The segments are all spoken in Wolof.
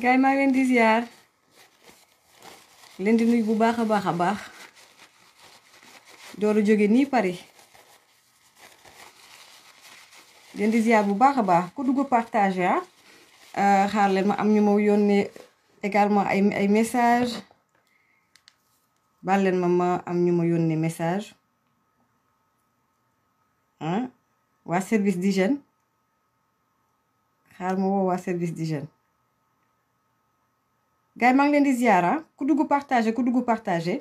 gaay maa ngi leen di ziar leen di nuyu bu baax a baax a baax dooru jóge nii pari leen di ziar bu baax a baax ku dugg partage ah euh, xaar leen ma am ñu ma yónnee également ay ay message baal leen ma ma am ñu ma yónnee message ah. waa service d'hygiène xaar ma woo waa service d'hygiène gars yi maa ngi leen di ziara ku dugg partagé ku dugg partagé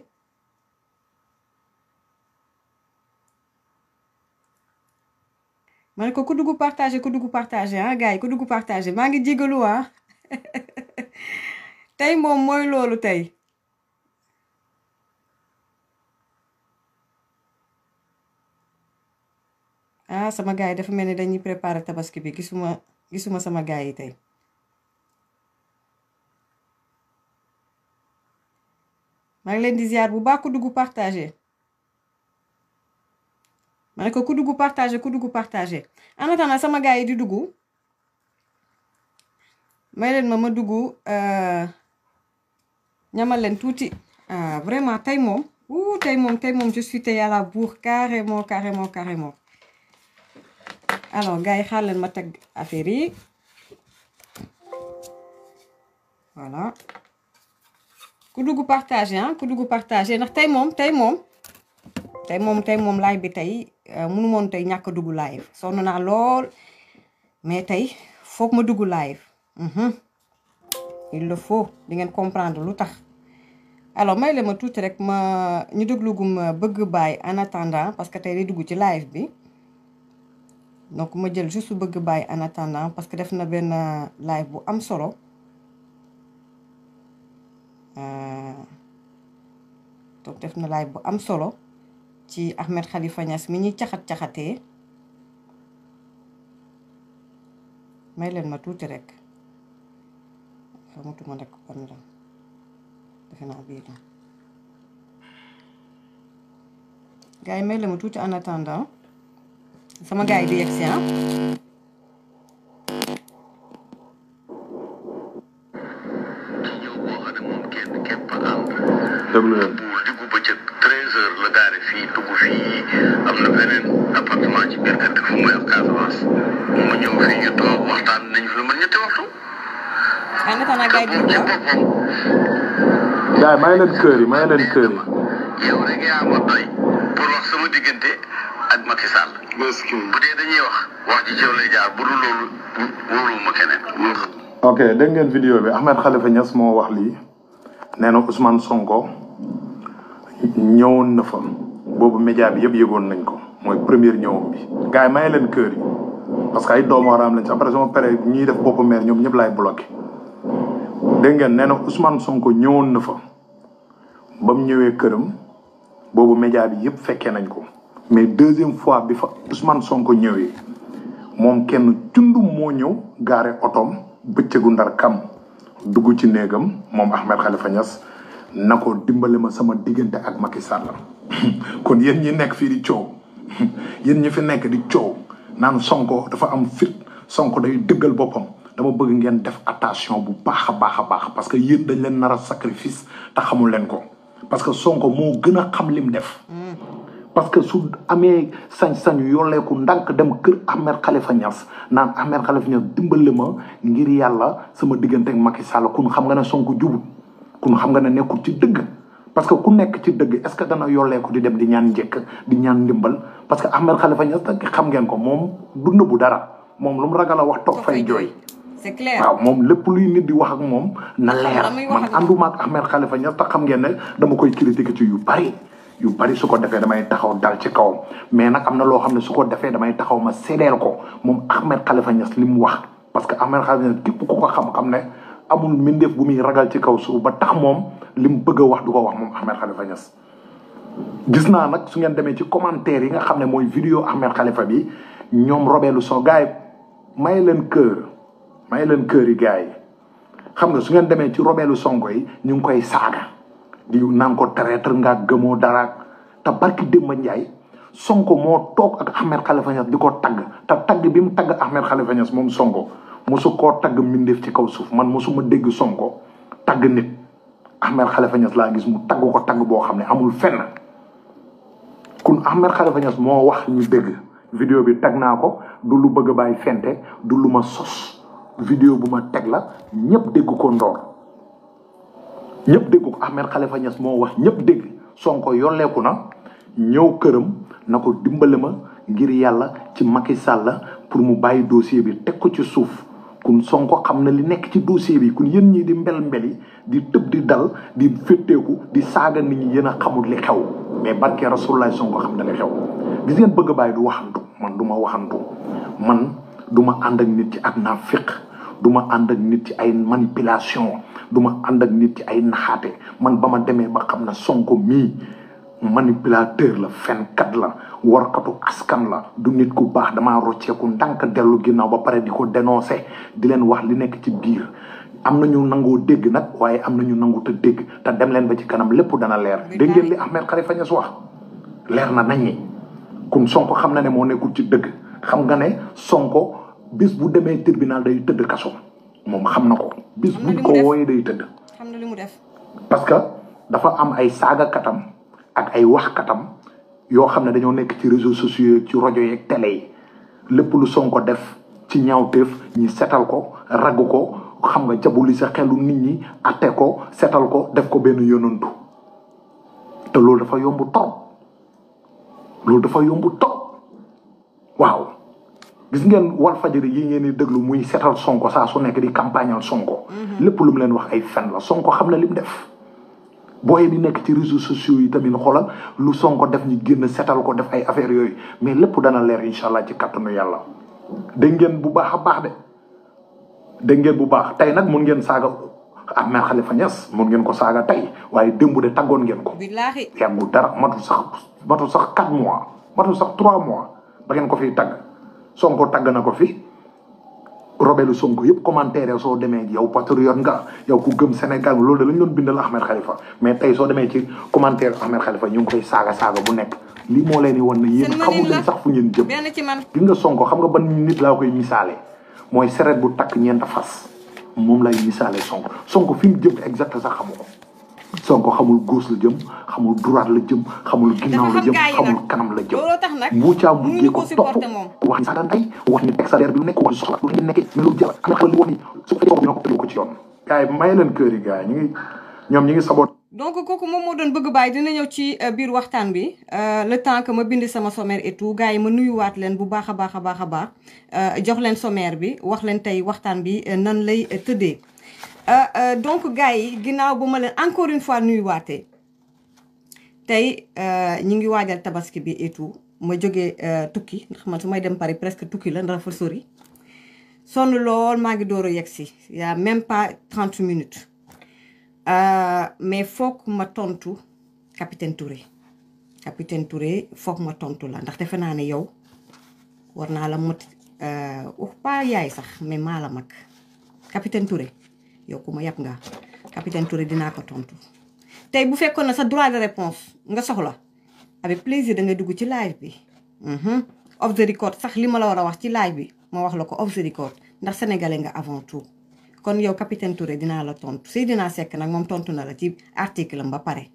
ma ne ko ku partagé ku dugg partagé ah gars yi ku dugg partagé maa ngi jégalu ah tey moom mooy loolu tey ah sama gars yi dafa mel ni dañuy préparer tabaski bi gisuma gisuma sama gars yi tey maa ngi leen di ziar bu baax ku dugg partagé ma ne ko ku duggu partagé ku dugg partagé en sama gars yi di dugg may leen ma ma dugg euh, ñamal leen tuuti euh, vraiment tey moom wuu tey moom tey moom je suis tey à la bourre carrément carrément carrément alors gars yi ma teg affaire yi voilà. ku dugg partagé ah ku dugg partagé ndax tey moom tey moom tey moom tey moom live bi tey euh, mënu moon tey ñàkk a dugg live sonn naa lool mais tey foog ma duggu live mhm. il le faut di ngeen comprendre lu tax alors may la ma tuuti rek ma ñu déglugum euh, bëgg bàyyi en attendant parce que tey dugg ci live bi donc ma jël juste bëgg bàyyi en attendant parce que def na benn euh, live bu am solo donc euh, def na live bu am solo ci Ahmed Khalifa Niass mi ñuy caxat-caxatee may leen ma tuuti rek xamutuma nekk ban la defe naa bii la gars yi may leen ma tuuti en attendant sama gaa yi di yegg si ah. dëgg la bu diggu bëccëg heures la gaare fii dugg am na beneen appartement ci biir kër gi fu muy ab Casamance waxtu. waaw yi dugg la leen kër yi may leen kër yi. yow rek ma doy bu dee dañuy wax wax ji ci lay jaar bu dul loolu wóoluwuma keneen. ok dégg ngeen bi Ahmed Khalifa Niass moo wax lii nee na Sonko. ñëwoon na fa boobu média bi yëpp yëgoon nañ ko mooy première ñëwam bi gars yi maye leen kër yi parce que ay doomu aaraam lañ si après sama pare ñuy def boppu maire ñoom ñëpp laay bloqué dégg ngeen nee na Ousmane Sonko ñëwoon na fa ba ñëwee këram boobu média bi yëpp fekkee nañ ko mais deuxième fois bi fa Ousmane Sonko ñëwee moom kenn tund moo ñëw gaare otoom bëccëgu ndar kam dugg ci néegam moom Ahmed Khalifa Niass na ko dimbale ma sama diggante ak Macky Sall kon yéen ñi nekk fii di coow yéen ñi fi nekk di coow naan Sonko dafa am fitt Sonko day dëggal boppam dama bëgg ngeen def attention bu baax a baax a baax parce que yéen dañ leen nar a sacrifice te xamul leen ko parce que Sonko moo gën a xam lim def. parce que su amee sañ-sañu yolleeku ndank dem kër Ahmed Khalifa Niass naan Ahmed Khalifa Niass dimbali ma ngir yàlla sama diggante ak Macky Sall kun xam nga ne Sonko jubut ku nu xam nga ne nekkul ci dëgg parce que ku nekk ci dëgg est-ce que dana yolleeku di dem di ñaan njëkk di ñaan ndimbal parce que Ahmed Khalifa Niass xam ngeen ko moom du nëbbu dara moom lu mu ragal a wax toog fay jooy c'est clair waaw moom lépp luy nit di wax ak moom na leer man ànduma ak Ahmed Khalifa Niass tax xam ngeen ne dama koy critiquer ci yu bari yu bari su ko defee damay taxaw dal ci kawam mais nag am na loo xam ne su ko defee damay taxaw ma séddeel ko moom Ahmed Khalifa Niass li mu wax parce que Ahmed Khalifa Niass képp ku ko xam-xam ne amul mbindeef bu muy ragal ci kaw suuf ba tax moom li mu bëgg a wax du ko wax moom Ahmed Khalifa Niass gis naa nag su ngeen demee ci commentaire yi nga xam ne mooy vidéo Ahmed xalifa bi ñoom robeelu son gars yi may leen kër may leen kër yi gars yi xam nga su ngeen demee ci robeelu sonko yi ñu ngi koy saaga di naan ko traître nga gëmoo dara te barki Demba Ndiaye sonko moo toog ak Ahmed Khalifa Niass di ko tagg te tagg bi mu tagg Ahmed Khalifa Niass moom sonko mosu koo tagg mbindeef ci kaw suuf man mosuma dégg Sonko tagg nit Ahmed Khalifa Niass laa gis mu tagg ko tagg boo xam ne amul fenn kun Ahmed Khalifa Niass moo wax ñu dégg vidéo bi tag naa ko du lu bëgg a bàyyi du lu ma bu ma teg la ñëpp dégg ko ndoor ñëpp dégg ko Ahmed Khalifa moo wax ñëpp dégg Sonko yolleeku na ñëw këram na ko dimbali ma ngir yàlla ci Macky Sall pour mu bàyyi dossier bi teg ko ci suuf kon Sonko xam na li nekk ci dossier bi kon yéen ñii di mbel mbeli di tëb di dal di fétteeku di saaga nit ñi yéen a xamul li xew mais barke Rasulullah Sonko xam na li xew gis ngeen bëgg a bàyyi du waxantu man du ma waxantu man duma ànd ak nit ci ak naafiq du ma ànd ak nit ci ay manipulation du ma ànd ak nit ci ay naxaate man ba ma demee ba xam na Sonko mii manipulateur la fenkat la warkatu askan la du nit ku baax damaa rocceeku ndànk dellu ginnaaw ba pare di ko dénoncer di leen wax li nekk ci biir am na ñu nangoo dégg nag waaye am na ñu nangu tëdd dégg te dem leen ba ci kanam lépp dana leer dégg ngeen li fa Khalifa Niass wax leer na nañ ni kon Sonko xam na ne moo nekkul ci dëgg xam nga ne Sonko bis bu demee tribunal day tëdd kaso moom xam na ko bis buñ ko wooyee day tëdd parce que dafa am ay saagakatam ak ay waxkatam yoo xam ne dañoo nekk ci réseaux sociaux ci rajo yeeg tele yi lépp lu Sonko def ci ñaawteef ñi setal ko ragg ko xam nga li sa xelu nit ñi atte ko setal ko def ko benn yonantu te loolu dafa yomb torop loolu dafa yomb torop waaw gis ngeen wal fajari yi ngeen di déglu muy setal Sonko saa su nekk di campagnal Sonko mm-hmm. lépp lu mu leen wax ay fen la Sonko xam na lim def booy di nekk ci réseaux sociaux yi tamit xoolal lu Sonko def ñu génn setal ko def ay affaire yooyu mais lépp dana leer incha allah ci kàttanu yàlla. dégg ngeen bu baax a baax de dégg ngeen bu baax tey nag mun ngeen saaga Ahmed Khalifa ñas mun ngeen ko saaga tey waaye démb de tàggoon ngeen ko. billaahi yàggu dara matul sax matul sax 4 mois matul sax 3 mois ba ngeen ko fi tag Sonko tagg na ko fi. robelu Sonko yëpp commentaire soo demee yow patriote nga yow ku gëm Sénégal loolu da lañ doon bindal Ahmed Khalifa mais tey soo demee ci commentaire Ahmed Khalifa ñu ngi koy saaga saaga bu nekk lii moo leen di wan ne yéen xamul sax fu ngeen jëm gis nga Sonko xam nga ban nit laa koy misaale mooy seret bu takk ñeent fas moom lay misaale sonk Sonko fi mu jëm exact sax xamu ko Sonko xamul gauche la jëm xamul droite la jëm xamul ginnaaw la jëm xamul kanam la jëm bu caa mujjee ko topp wax ni saxdaan ay wax ni teg salaire mu nekk wax soxla lu ñu nekkee mais loolu na xamal li wax ni ko ñoo ko tegu ko ci yoon ñoom ñu ngi saboot donc kooku moom moo doon bëgg baay dina ñëw ci euh, biir waxtaan bi euh, le temps que ma bind sama sommaire et tout gars yi ma nuyuwaat leen bu baax a baax a baax a euh, jox leen sommaire bi wax leen tey waxtaan bi nan lay tëddee Euh, euh, donc gars yi ginnaaw bu ma leen encore une fois nuyuwaatee tey euh, ñu ngi waajal tabaski bi et tout ma jógee tukki ndax man su may dem Paris presque tukki la ndax fa sori sonn lool maa ngi door a yegg si y a même pas trente minutes mais foog ma tontu capitaine Touré capitaine Touré foog ma tontu la ndax defe naa ne yow war naa la mot wax pas yaay sax mais maa la mag capitaine Touré. yow ku ma yàpp nga capitaine Touré dinaa ko tontu. tey bu fekkoon na sa droit de réponse nga soxla avec plaisir da ngay dugg ci live bi. Mhm. off the record sax li ma la war a wax ci live bi ma wax la ko off the record ndax sénégalais nga avant tout. kon yow capitaine Touré dinaa la tontu dinaa Seck nag moom tontu na la ci article am ba pare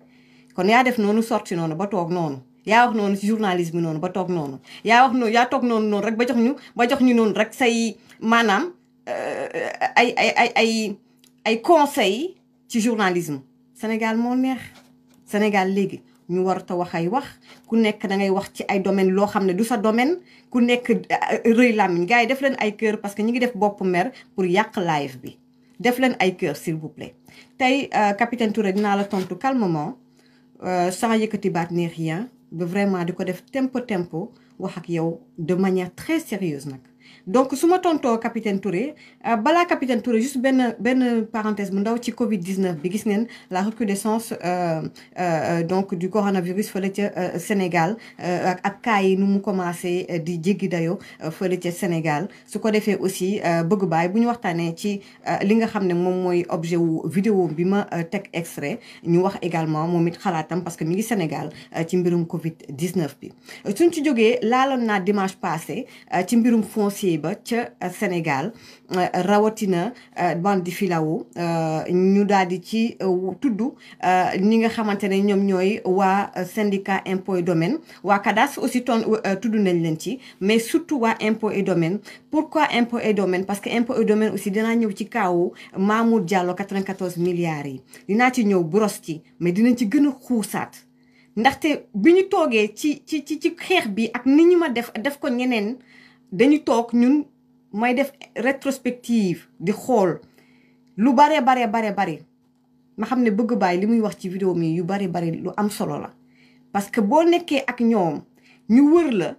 kon yaa def noonu sorti noonu ba toog noonu. yaa wax noonu ci journalisme noonu ba toog noonu yaa wax noonu yaa toog noonu rek ba jox ñu ba jox ñu noonu rek say maanaam euh, ay ay. ay conseils ci journalisme Sénégal moo neex Sénégal léegi ñu warut a wax ay wax ku nekk da ngay wax ci ay domaine loo xam ne du sa domaine ku nekk euh, rëy làmmiñ gars yi def leen ay kër parce que ñu ngi def bopp mer pour yàq live bi def leen ay cœur s'il vous plaît tey euh, capitaine Touré dinaa la tontu calmement euh, sans yëkkati baat neex rien ba vraiment di ko def tempo tempo wax ak yow de manière très sérieuse nag donc su ma tontoo capitaine Touré euh, balaa capitaine Touré juste benn benn parenthèse bu ndaw ci Covid 19 bi gis ngeen la recrudescence euh, euh, donc du coronavirus fële ca Sénégal ak cas yi nu mu commencé di jéggi dayoo fële ca Sénégal su ko defee aussi bëgg baay bu ñu waxtaanee ci li nga xam ne moom mooy objet wu vidéo bi ma teg extrait ñu wax également moom it xalaatam parce que mi ngi Sénégal ci mbirum Covid 19 bi suñ ci jógee laaloon naa dimanche passé ci mbirum foncier ba ca Sénégal euh, rawatina euh, bandi filao euh, ñu daal di ci tudd ni nga xamante ne ñoom ñooy waa syndicat impôt et domaine waa CADAS aussi ton tuddu nañ leen ci mais surtout waa impôt et domaine pourquoi impôt et domaine parce que impôt et domaine aussi danaa ñëw ci kaawu Mamour Diallo 94 milliards yi dinaa ci ñëw bros ci mais dinañ ci gën a xuusaat ndaxte bi ñu toogee ci ci ci xeex bi ak ni ñu ma def def ko ñeneen dañu toog ñun may def rétrospective di xool lu bare bare bare bare ma xam ne bëgg bàyyi li muy wax ci vidéo mi yu bare bare lu am solo la parce que boo nekkee ak ñoom ñu wër la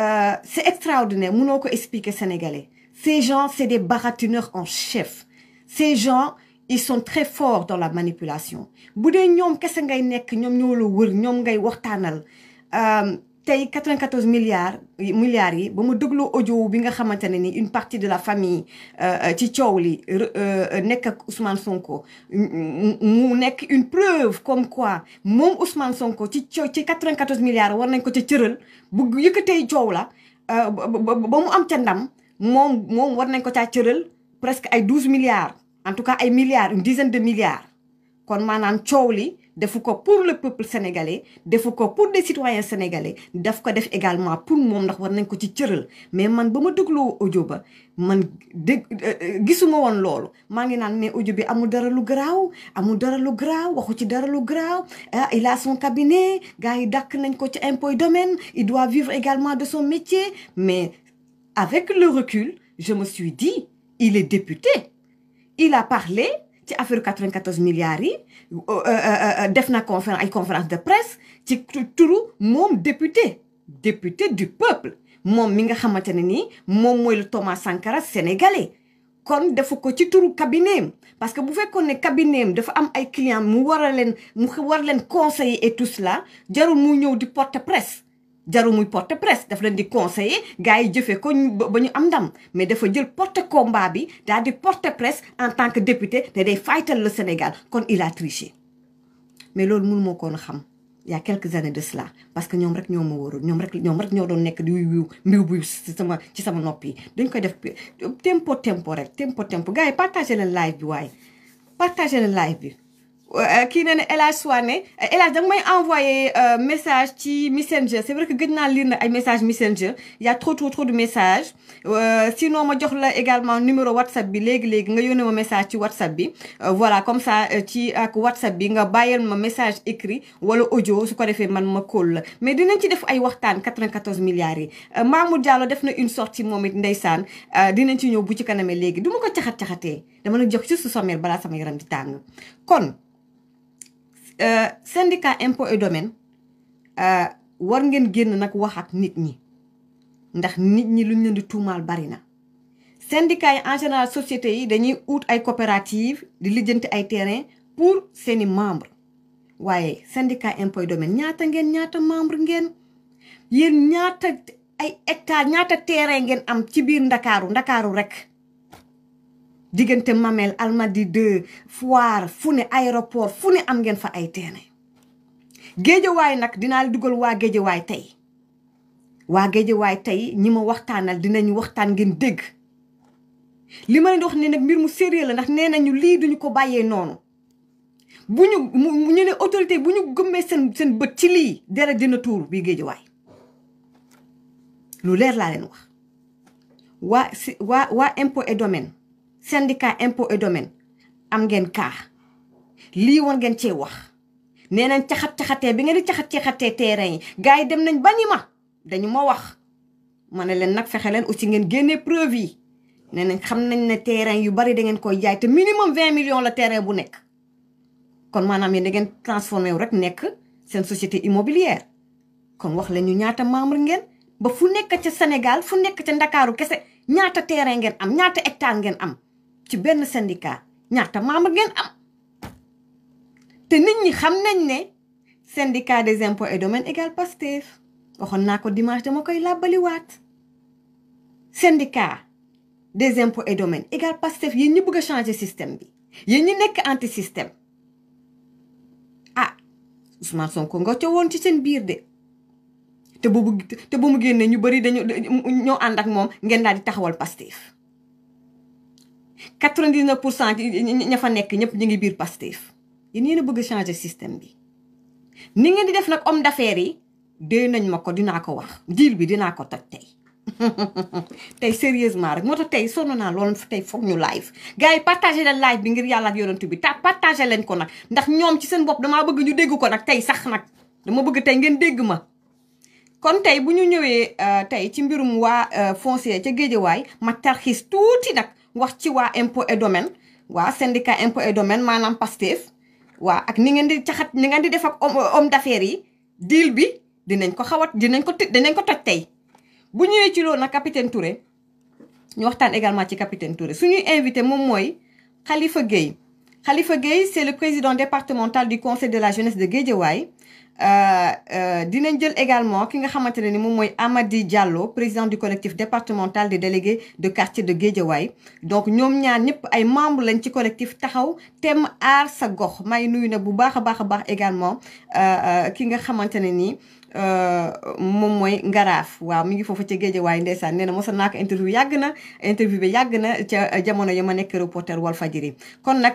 euh, c'est extraordinaire mënoo ko expliquer sénégalais ces gens c'est des baratineurs en chef ces gens ils sont très forts dans la manipulation bu dee ñoom kese ngay nekk ñoom ñoo la wër ñoom ngay waxtaanal euh, tey 94 milliards milliards yi ba ma dégloo audio bi nga xamante ne ni une partie de la famille euh, euh, ci coow li euh, nekk ak Ousmane Sonko mu nekk une preuve comme quoi moom Ousmane Sonko ci coow ci 94 milliards war nañ ko ca cëral bu yëkkatee coow la ba mu am ca ndam moom moom war nañ ko caa cëral presque ay 12 milliards en tout cas ay milliards une dizaine de milliards kon maanaam coow li defu ko pour le peuple sénégalais defu ko pour des citoyens sénégalais daf ko def également pour moom ndax war nañ ko ci cëral mais man ba ma dégloo audio ba man dégg euh, euh, gisuma woon loolu maa ngi naan ne audio bi amul dara lu garaaw amul dara lu garaaw waxu ci dara lu garaaw ah il a son cabinet gars yi dàkk nañ ko ci impôt domaine il doit vivre également de son métier mais avec le recul je me suis dit il est député il a parlé ci affaire 94 milliards yi Euh, euh, euh, def na conférence ay conférence de presse ci turu moom député député du peuple moom mi nga xamante ne nii moom mooy lu Thomas Sankara sénégalais kon defu ko ci turu cabinetem parce que bu fekkoon ne cabinetem dafa am ay client mu war a leen mu war leen conseiller et tout cela jarul mu ñëw di porte presse jaru muy porte presse daf leen di conseiller gars yi jëfee ko ba ñu am ndam mais dafa jël porte combat bi daal di porte presse en tant que député te day faytal le Sénégal kon il a mais loolu mun moo koon xam y a quelques années de cela parce que ñoom rek ñoo ma wóoroon ñoom rek ñoom rek ñoo doon nekk di wiw mbiw bu ci sama ci nopp yi dañ koy def tempo tempo rek tempo tempo gars yi partagé leen live bi waaye partagé leen live bi Euh, kii na ne El Hadj Souane euh, El danga may envoyé euh, message ci messenger c'est vrai que gëj naa lire na ay message messenger y a trop trop trop de messages sinon ma jox la également numéro whatsapp bi léegi léegi nga yónnee ma message ci whatsapp bi voilà comme ça ci ak whatsapp bi nga bàyyil ma message écrit wala audio su ko defee man ma kóol la mais dinañ ci def ay waxtaan 94 milliards yi Mamour Diallo def na une sortie moom it ndeysaan dinañ ci ñëw bu ci kanamee léegi du ma ko caxat caxatee dama la jox juste sommaire balaa sama yaram di tàng kon. Euh, syndicat impôt et domaine euh, war ngeen génn nag waxaat nit ñi ndax nit ñi luñ leen di tuumaal bari na. syndicat yi en général société yi dañuy ut ay coopérative di lijjanti ay terrain pour seeni membre waaye syndicat impôt et domaine ñaata ngeen ñaata membre ngeen yéen ñaata ay hectare ñaata terrain ngeen am ci biir ndakaaru ndakaaru rek diggante Mamel Almadi 2 Foire fu ne aéroport fu ne am ngeen fa ay terrain géejawaay nag dinaa la dugal waa géejawaay tey waa géejawaay tey ñi ma waxtaanal dinañu waxtaan ngeen dégg li ma leen di wax ne mbir mu sérieux la ndax nee nañu lii duñu ko bàyyee noonu bu ñu ñu ne autorité bu ñu gëmmee seen seen bët ci lii dara dina tuur bii géejawaay lu leer laa leen wax waa si waa waa impôt et domaine syndicat impôt et domaine am ngeen kaa lii war ngeen cee wax nee nañ caxat-caxatee bi ngeen di caxat-caxatee terrain yi gars yi dem nañ ba ma dañu ma wax ma ne leen nag fexe leen aussi ngeen génnee preuve yi nee nañ xam nañ ne terrain yu bari da ngeen koy jaay te minimum vingt millions la terrain bu nekk kon maanaam yéen da ngeen transformé wu rek nekk seen société immobilière kon wax leen ñu ñaata membre ngeen ba fu nekk ca Sénégal fu nekk ca Ndakaaru kese ñaata terrain ngeen am ñaata hectare ngeen am ci benn syndicat ñaata membre ngeen am te nit ñi xam nañ ne syndicat des impôts et domaines égal Pastef waxoon naa ko dimanche dama koy làbbaliwaat syndicat des impôts et domaines égal Pastef yéen ñi bëgg a changer système bi yi ñi nekk anti système ah Ousmane Sonko nga ca woon ci seen biir de te bu bu mu génnee ñu bari dañu ñoo ànd ak moom ngeen daal di taxawal Pastef quatre 99 pour cent ña fa nekk ñëpp ñu ngi biir Pastef nii yéen a bëgg changé système bi nii ngeen di def nag homme d'affaires yi dee nañ ma ko dinaa ko wax deal bi dinaa ko toj tey tey sérieusement rek moo tax tey sonn naa loolu tey foog ñu live gars yi partagé leen live bi ngir yàlla ak bi ta partagé leen ko nag ndax ñoom ci seen bopp damaa bëgg ñu dégg ko nag tey sax nag dama bëgg tey ngeen dégg ma kon tey bu ñu ñëwee euh, tey ci mbirum waa euh, foncier ca géejawaay ma tarxiis tuuti nag wax ci waa impôt et domaine waa syndicat impôt et domaine maanaam Pastef waa ak ni ngeen di caxat ni ngeen di def ak homme d'affaires yi deal bi dinañ ko xawat dinañ ko tëj dinañ ko toj tey bu ñëwee ci loolu nag capitaine Touré ñu waxtaan également ci capitaine Touré suñuy invité moom mooy Khalifa Gueye Khalifa Gueye c'est le président départemental du conseil de la jeunesse de Guédiawaye Euh, euh, dinañ jël également ki nga xamante ne ni moom mooy Amady Diallo président du collectif départemental des délégués de quartier de Guédiawaye donc ñoom ñaar ñëpp ay membres lañ ci collectif taxaw tem aar sa gox may nuyu na bu baax a baax a baax également euh, ki nga xamante ne nii moom mooy ngaraaf waaw mi ngi foofu ca Guédiawaye ndeysaan nee na mosa naa ko interview yàgg na interview bi yàgg na ca jamono ya ma nekk reporter Walfadjri kon nag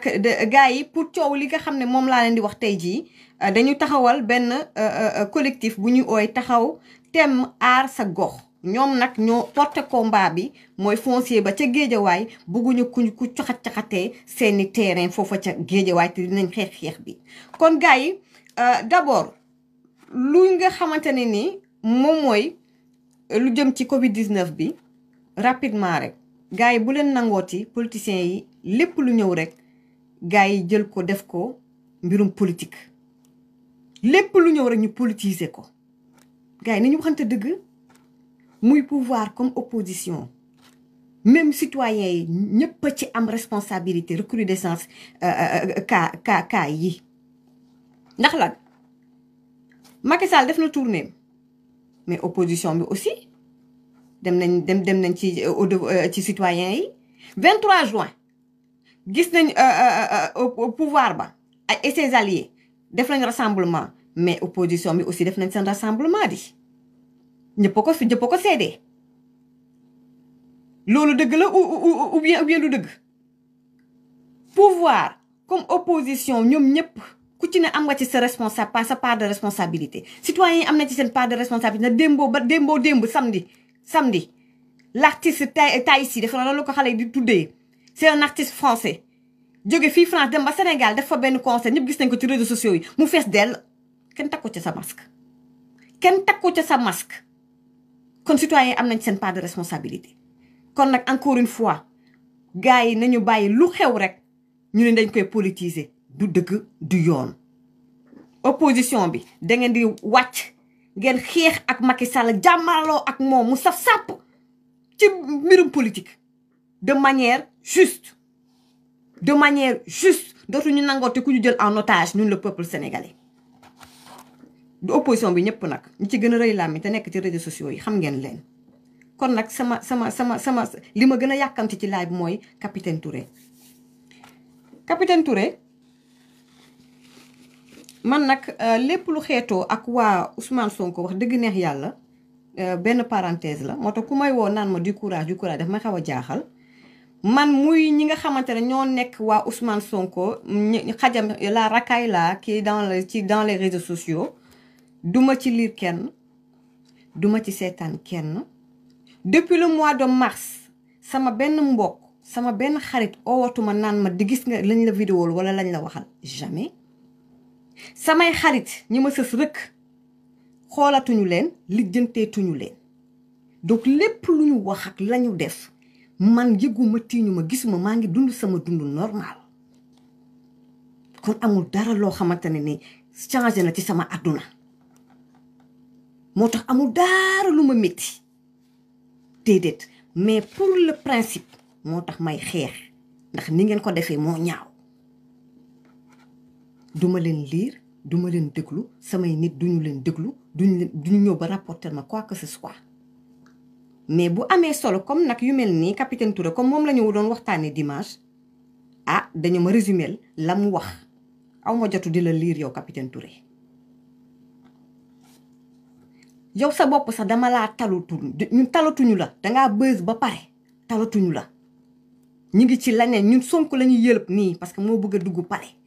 gars yi pour coow li nga xam ne moom laa leen di wax tey jii Euh, dañu taxawal benn euh, euh, collectif bu ñu ooy taxaw tem aar sa gox ñoom nag ñoo porte combat bi mooy foncier ba ca géejawaay bëgguñu kuñ ku caxat-caxatee seeni terrain foofa ca géejawaay te dinañ xeex xeex bi kon gars yi d'abord lu nga xamante ne ni moom mooy lu jëm ci covid 19 bi rapidement rek gars yi bu leen nangooti politiciens yi lépp lu ñëw rek gars yi jël ko def ko mbirum politique lépp lu ñëw rek ñu politiser ko gars yi nañu waxante dëgg muy pouvoir comme opposition même citoyens yi ñëpp a ci am responsabilité recrudescence cas cas euh, euh, euh, cas yi ndax lan Macky Sall def na tournée mais opposition bi aussi dem nañ dem dem nañ ci ci citoyens yi 23 juin gis nañ au pouvoir ba et ses alliés def nañ rassemblement mais opposition bi aussi def nañ seen rassemblement di ñëpp ko fi ñëpp ko seedee loolu dëgg la ou bien ou bien du dëgg pouvoir comme opposition ñoom ñëpp ku ci ne am nga ci sa responsa sa part de responsabilité citoyens yi am na ci seen part de responsabilité na démboo ba démboo démb samedi samedi l'artiste Taïsi dafa loolu ko xale yi di tuddee c'est un artiste français jóge fii France dem ba Sénégal def fa benn concert ñëpp gis nañ ko ci réseaux sociaux yi mu fees dell kenn takku ca sa masque kenn takku ca sa masque kon citoyen am nañ seen part de responsabilité kon nag encore une fois gars yi nañu bàyyi lu xew rek ñu ne dañ koy politiser du dëgg du yoon opposition bi da ngeen di wàcc ngeen xeex ak Macky Sall jàmmaloo ak moom mu saf sàpp ci mbirum politique de manière juste de manière juste dootuñu nangooti ku ñu jël en otage ñun la peuple sénégalais. du opposition bi ñëpp nag ñu ci gën a rëy laam te nekk ci réseaux sociaux yi xam ngeen leen kon nag sama sama sama sama li ma gën a yàkkamti ci laaj bi mooy capitaine Touré. capitaine Touré man nag euh, lépp lu xeetoo ak waa Ousmane ko wax dëgg neex yàlla euh, benn parenthèse la moo tax ku may woo naan ma du courage du courage daf ma xaw a jaaxal. man muy ñi nga xamante ne ñoo nekk waa Ousmane Sonko xajam la rakaay la kii dans les ci dans les réseaux sociaux duma ci liir kenn duma ci seetaan kenn depuis le mois de mars sama benn mbokk sama benn xarit oowatuma naan ma di gis nga lañ la vidéo wala lañ la waxal jamais samay xarit ñi ma sës rëkk xoolatuñu leen lijjanteetuñu leen donc lépp lu ñu wax ak lañu def man yëguma tiiñuma gisuma maa ngi dund sama dund normal kon amul dara loo xamante ne ni changé na ci sama àdduna moo tax amul dara lu ma métti déedéet mais pour le principe moo tax may xeex ndax ni ngeen ko defee moo ñaaw duma leen liir duma leen déglu samay nit duñu leen déglu duñu leen duñu ñëw ba rapporter ma quoi que ce soit mais bu amee solo comme nag yu mel nii capitaine Touré comme moom la ñu doon waxtaanee dimanche ah dañoo ma résumer la mu wax aw ma jotu di la liir yow capitaine Touré. yow sa bopp sax dama laa talatu ñun talatuñu la dangaa bës ba pare talatuñu la ñu ngi ci leneen ñun Sonko la ñuy yëlëb nii parce que moo bëgg a dugg palais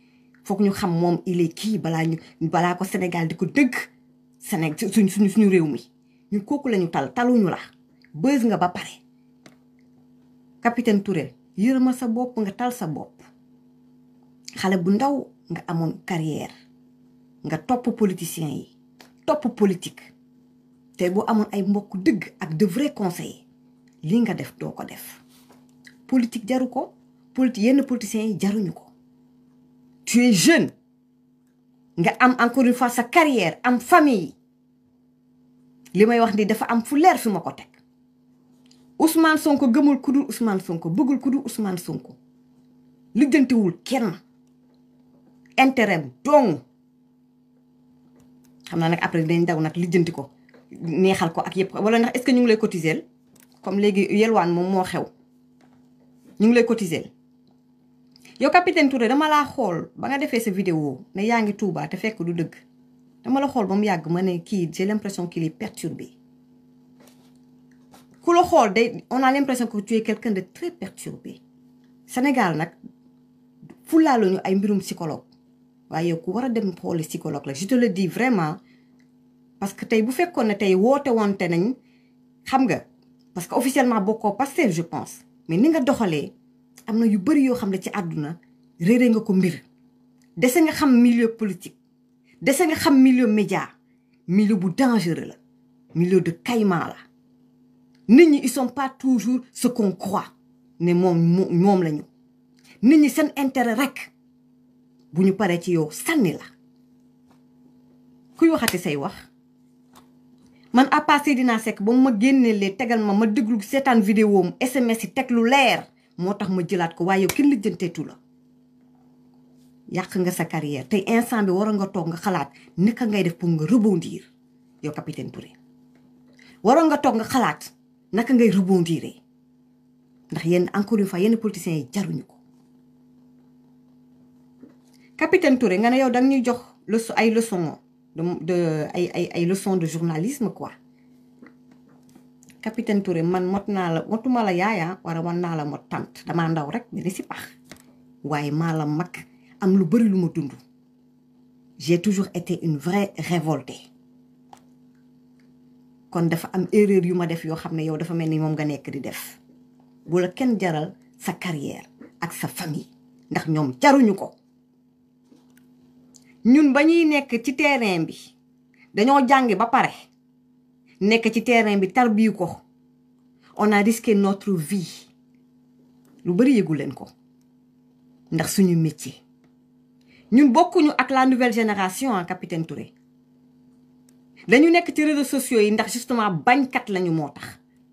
foog ñu xam moom il est kii balaa ñu balaa ko Sénégal di ko dëgg Sénégal suñ suñu suñu réew mi ñu kooku lañu ñu tal taluñu la. bës nga ba pare capitaine Touré yërëma sa bopp nga tal sa bopp xale bu ndaw nga amoon carrière nga topp politicien yi topp politique te boo amoon ay mbokk dëgg ak de vrai conseil li nga def doo ko def politique jaru ko politique yenn politiciens yi jaruñu ko tu es jeune nga am encore une fois sa carrière am famille li may wax ni dafa am fu leer fi ma ko teg Ousmane Sonko gëmul ku dul Ousmane Sonko bëggul ku dul Ousmane Sonko lijjantewul kenn intérêt dong xam naa nag après dañ daw nag lijjanti ko neexal ko ak yëpp wala ndax est-ce que ñu ngi lay cotiser comme léegi yelwaan moom moo xew ñu ngi lay cotiser yow capitaine Touré dama laa xool ba nga defee sa vidéo ne yaa ngi Touba te fekk du dëgg dama la xool ba mu yàgg ma ne kii j'ai l'impression qu'il est perturbé ku la xool de on a l'impression que tu es quelqu'un de très perturbé Sénégal nag fulaalu ñu ay mbirum psychologue waaye yow ku war a dem xooli psychologue la je te le dis vraiment parce que tey bu fekkoon ne tey woote wante nañ xam nga parce que officiellement bokkoo Pastef je pense mais ni nga doxalee am na yu bëri yoo xam ne ci àdduna réere nga ko mbir dese nga xam milieu politique dese nga xam milieu média milieu bu dangereux la milieu de caïman la nit ñi ils sont pas toujours ce qu'on croit ne moom moom lañu nit ñi seen intérêt rek bu ñu paree ci yow sanni la kuy waxati say wax man à passé dinaa sekk ba mu ma génnelee tegal ma ma déglu seetaan vidéo am SMS yi teg lu leer moo tax ma jëlaat ko waaye yow kenn lijjanteetu la yàq nga sa carrière tey instant bi war nga toog nga xalaat naka ngay def pour nga rebondir yow capitaine Touré waroon nga toog nga xalaat naka ngay rebondir ndax yenn encore une fois yenn politiciens yi jaruñu ko. capitaine Touré nga ne yow danga ñuy jox leçon ay leçon de ay ay de journalisme quoi capitaine Touré man mot naa la motuma yaaya ah, wara wan naa la mot tant damaa ndaw rek ne si pax waaye mala la am lu bari lu ma dund j'ai toujours été une vraie révoltée kon dafa am erreur yu ma def yoo xam ne yow dafa mel ni moom nga nekk di def bu la kenn jaral sa carrière ak sa famille ndax ñoom jaruñu ko ñun ba ñuy nekk ci terrain bi dañoo jàngi ba pare nekk ci terrain bi tarbiyu ko on a risqué notre vie lu bëri yëgu leen ko ndax suñu métier ñun bokkuñu ak la nouvelle génération en capitaine Touré lañu nekk ci réseaux sociaux yi ndax justement bañkat lañu moo tax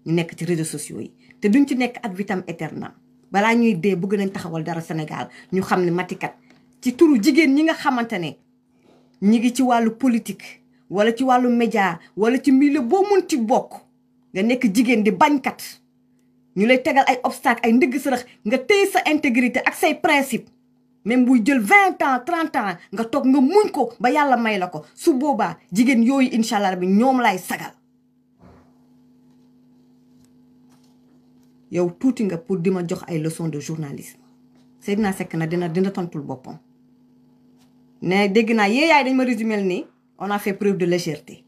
ñu nekk ci réseaux sociaux yi te duñ ci nekk ak vitam aeternam balaa ñuy dee bëgg nañ taxawal dara Sénégal ñu xam ne matikat ci turu jigéen ñi nga xamante ne ñi ngi ci wàllu politique wala ci wàllu média wala ci milieu boo mun ci bokk nga nekk jigéen di bañkat ñu lay tegal ay obstacle ay ndigg sërëx nga tey sa intégrité ak say principe même buy jël vingt ans trente ans nga toog nga muñ ko ba yàlla may la ko su boobaa jigéen yooyu incha allah bi ñoom lay sagal yow tuuti nga pour di ma jox ay leçons de journalisme Seydina Seck na dina dina tontul boppam ne dégg naa yee yaay dañ ma résumel nii on a fait preuve de légèreté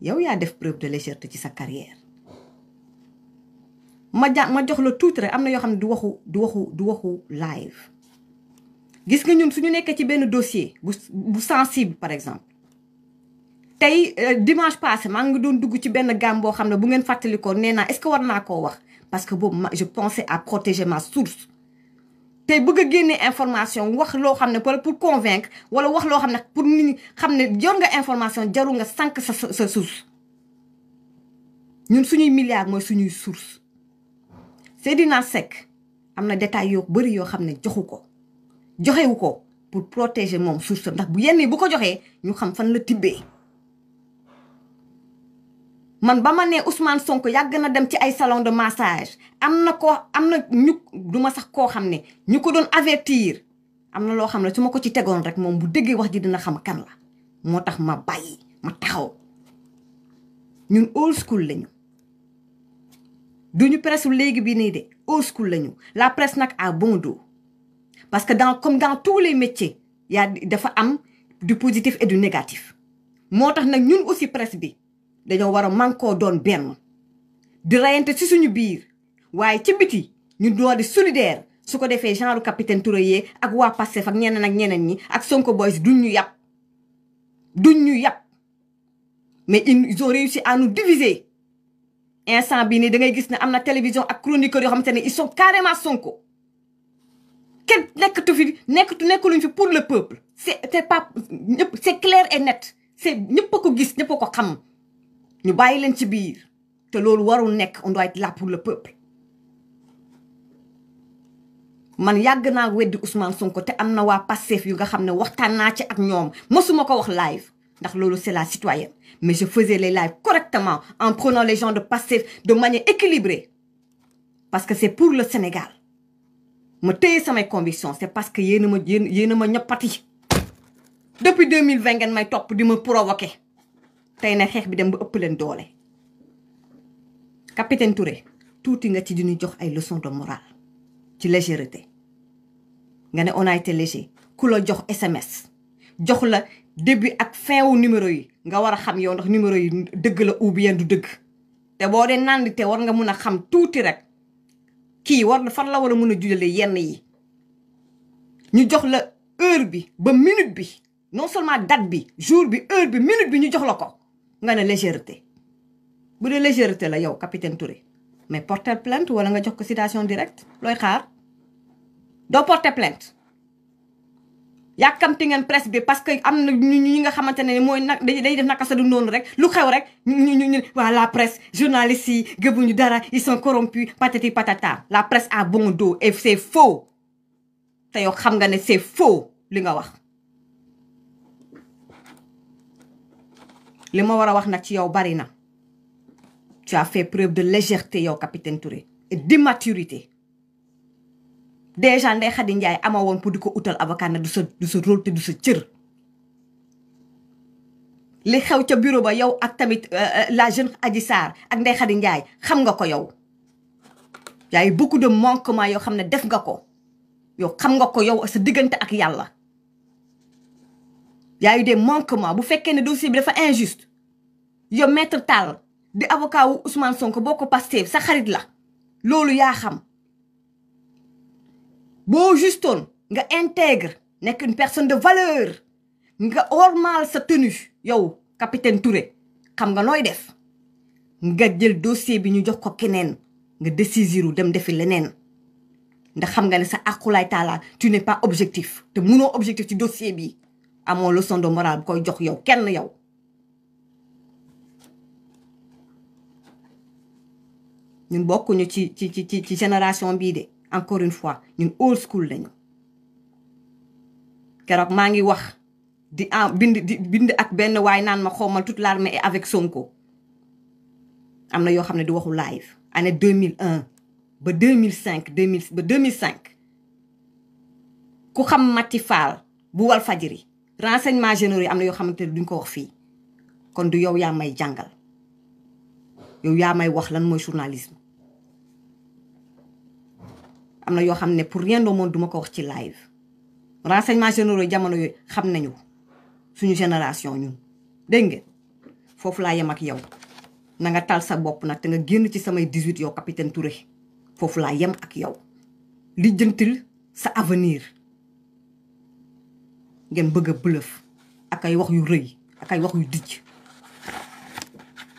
yow yaa def preuve de légèreté ci sa carrière ma ja ma jox la tuuti rek am na yoo xam ne di waxu du waxu du waxu live gis nga ñun suñu nekkee ci benn dossier bu bu sensible par exemple tey euh, dimanche passé maa ngi doon dugg ci benn gamme boo xam ne bu ngeen fàttalikoo nee naa est-ce que war naa wax parce que boobu ma je pensais à protéger ma source bëgg a génne information wax loo xam ne wala pour convaincre wala wax loo xam ne pour nit ñi xam ne yor information jarul nga sànq sa sa ñun suñuy milliards mooy suñuy source Seydina Seck am na détail yoo bëri yoo xam ne joxu ko joxewu ko pour protégé moom suuf sa ndax bu yenn bu ko joxe ñu xam fan la tibbee man ba ma nee Ousmane Sonko yàgg na dem ci ay salon de massage am na ko am na ñu du ma sax koo xam ne ñu ko doon avertir am na loo xam ne su ma ko ci tegoon rek moom bu déggee wax ji dina xam kan la moo tax ma bàyyi ma taxaw ñun old school lañu duñu presse léegi bi nii de old school lañu la presse nag à bon doo parce que dans comme dans tous les métiers y a dafa am du positif et du négatif moo tax nag ñun aussi presse bi dañoo war a mànkoo doon benn di rayante ci suñu biir waaye ci biti ñu doon di solidaire su ko defee genre capitaine Touré ak waa Pastef ak ñeneen nag ñeneen ñi ak Sonko boys duñ ñu yàpp duñ ñu yàpp mais ils ont réussi si nous diviser instant bii nii da ngay gis ne am na télévision ak chroniqueurs yoo xamante ne ils sont carrément Sonko kenn nekkatu fi nekkatu nekkuluñ fi pour le peuple c'est c'est pas ñëpp c'est clair et net c'est ñëpp a ko gis ñëpp a ko xam ñu bàyyi leen ci biir te loolu warul nekk on doit être là pour le peuple man yàgg naa weddi Ousmane Sonko te am na waa Pastef yu nga xam ne waxtaan naa ci ak ñoom mësuma ko wax live ndax loolu c'est la citoyenne mais je faisais les lives correctement en prenant les gens de Pastef de manière équilibrée parce que c'est pour le Sénégal ma téye samay conviction c'est parce que yéen a ma yéen yéen ma ñoppati depuis deux mille vingt may topp di ma provoqué tey na xeex bi dem ba ëpp leen doole. capitaine Touré tuuti nga ci di jox ay leçons de morale ci légèreté nga ne on a ku la jox SMS jox la début ak fin wu numéro yi nga war a xam yow ndax numéro yi dëgg la ou du dëgg te boo dee naan te war nga mun a xam tuuti rek. kii war na fan la war a mën a jujale yenn yi ñu jox la heure bi ba minute bi non seulement date bi jour bi heure bi minute bi ñu jox la ko nga ne légèreté bu dee légèreté la yow capitaine tore mais porter plainte wala nga jox ko citation directe looy xaar doo porter plainte yàkkamti ngeen presse bi parce que am na ñu ñi nga xamante ne mooy nag day def naka sa du noonu rek lu xew rek ñu ñu ñu waa la presse journalistes yi gëbuñu dara ils sont corrompus patati patata la presse a bon dos et c'est faux te yow xam nga ne c'est faux li nga wax li ma war a wax nag ci yow bari na tu as fait preuve de légèreté yow capitaine Touré et d'immaturité déjà Ndeye Khady Ndiaye ama woon pour di ko utal avocat na du sa du sa rôle te du sa cër li xew ca bureau ba yow ak tamit euh, euh, la jeune Adji Sarr ak Ndeye Khady Ndiaye xam nga ko yow yaay beaucoup de manquements yoo xam ne def nga ko yow xam nga ko yow sa diggante ak yàlla yaayu des manquements bu fekkee ne dossier bi dafa injuste yow maître Tall di avocat wu Ousmane Sonko boo ko Pastef sa xarit la loolu yaa xam boo justoon nga integre nekk une personne de valeur nga ormal sa tenue yow capitaine Touré xam nga nooy def nga jël dossier bi ñu jox ko keneen nga décisiru dem defi leneen ndax xam nga ne sa àqulaay taala tu n'es pas objectif te munoo objectif ci dossier bi amoo leçon de morale bu koy jox yow kenn yow ñun bokkuñu ci ci ci ci génération bii de encore une fois ñun old school lañu keroog maa ngi wax di en bind ak benn waay naan ma xoomal toute l'armée est avec Sonko am na yoo xam ne di waxu live année 2001 ba 2005 2000 ba 2005 ku xam Mati Fall bu wal fajiri renseignement généraux yi am na yoo xamante ne duñ ko wax fii kon du yow yaa may jàngal yow yaa may wax lan mooy journalisme am na yoo xam ne pour rien au monde duma ko wax ci live renseignement généraux jamono yooyu xam nañu suñu génération ñun dégg ngeen foofu laa yem ak yow na nga tal sa bopp nag te nga génn ci samay 18 yow capitaine Touré foofu laa yem ak yow li jëntil sa avenir ngeen bëgg a bluff ak ay wax yu rëy ak ay wax yu dijj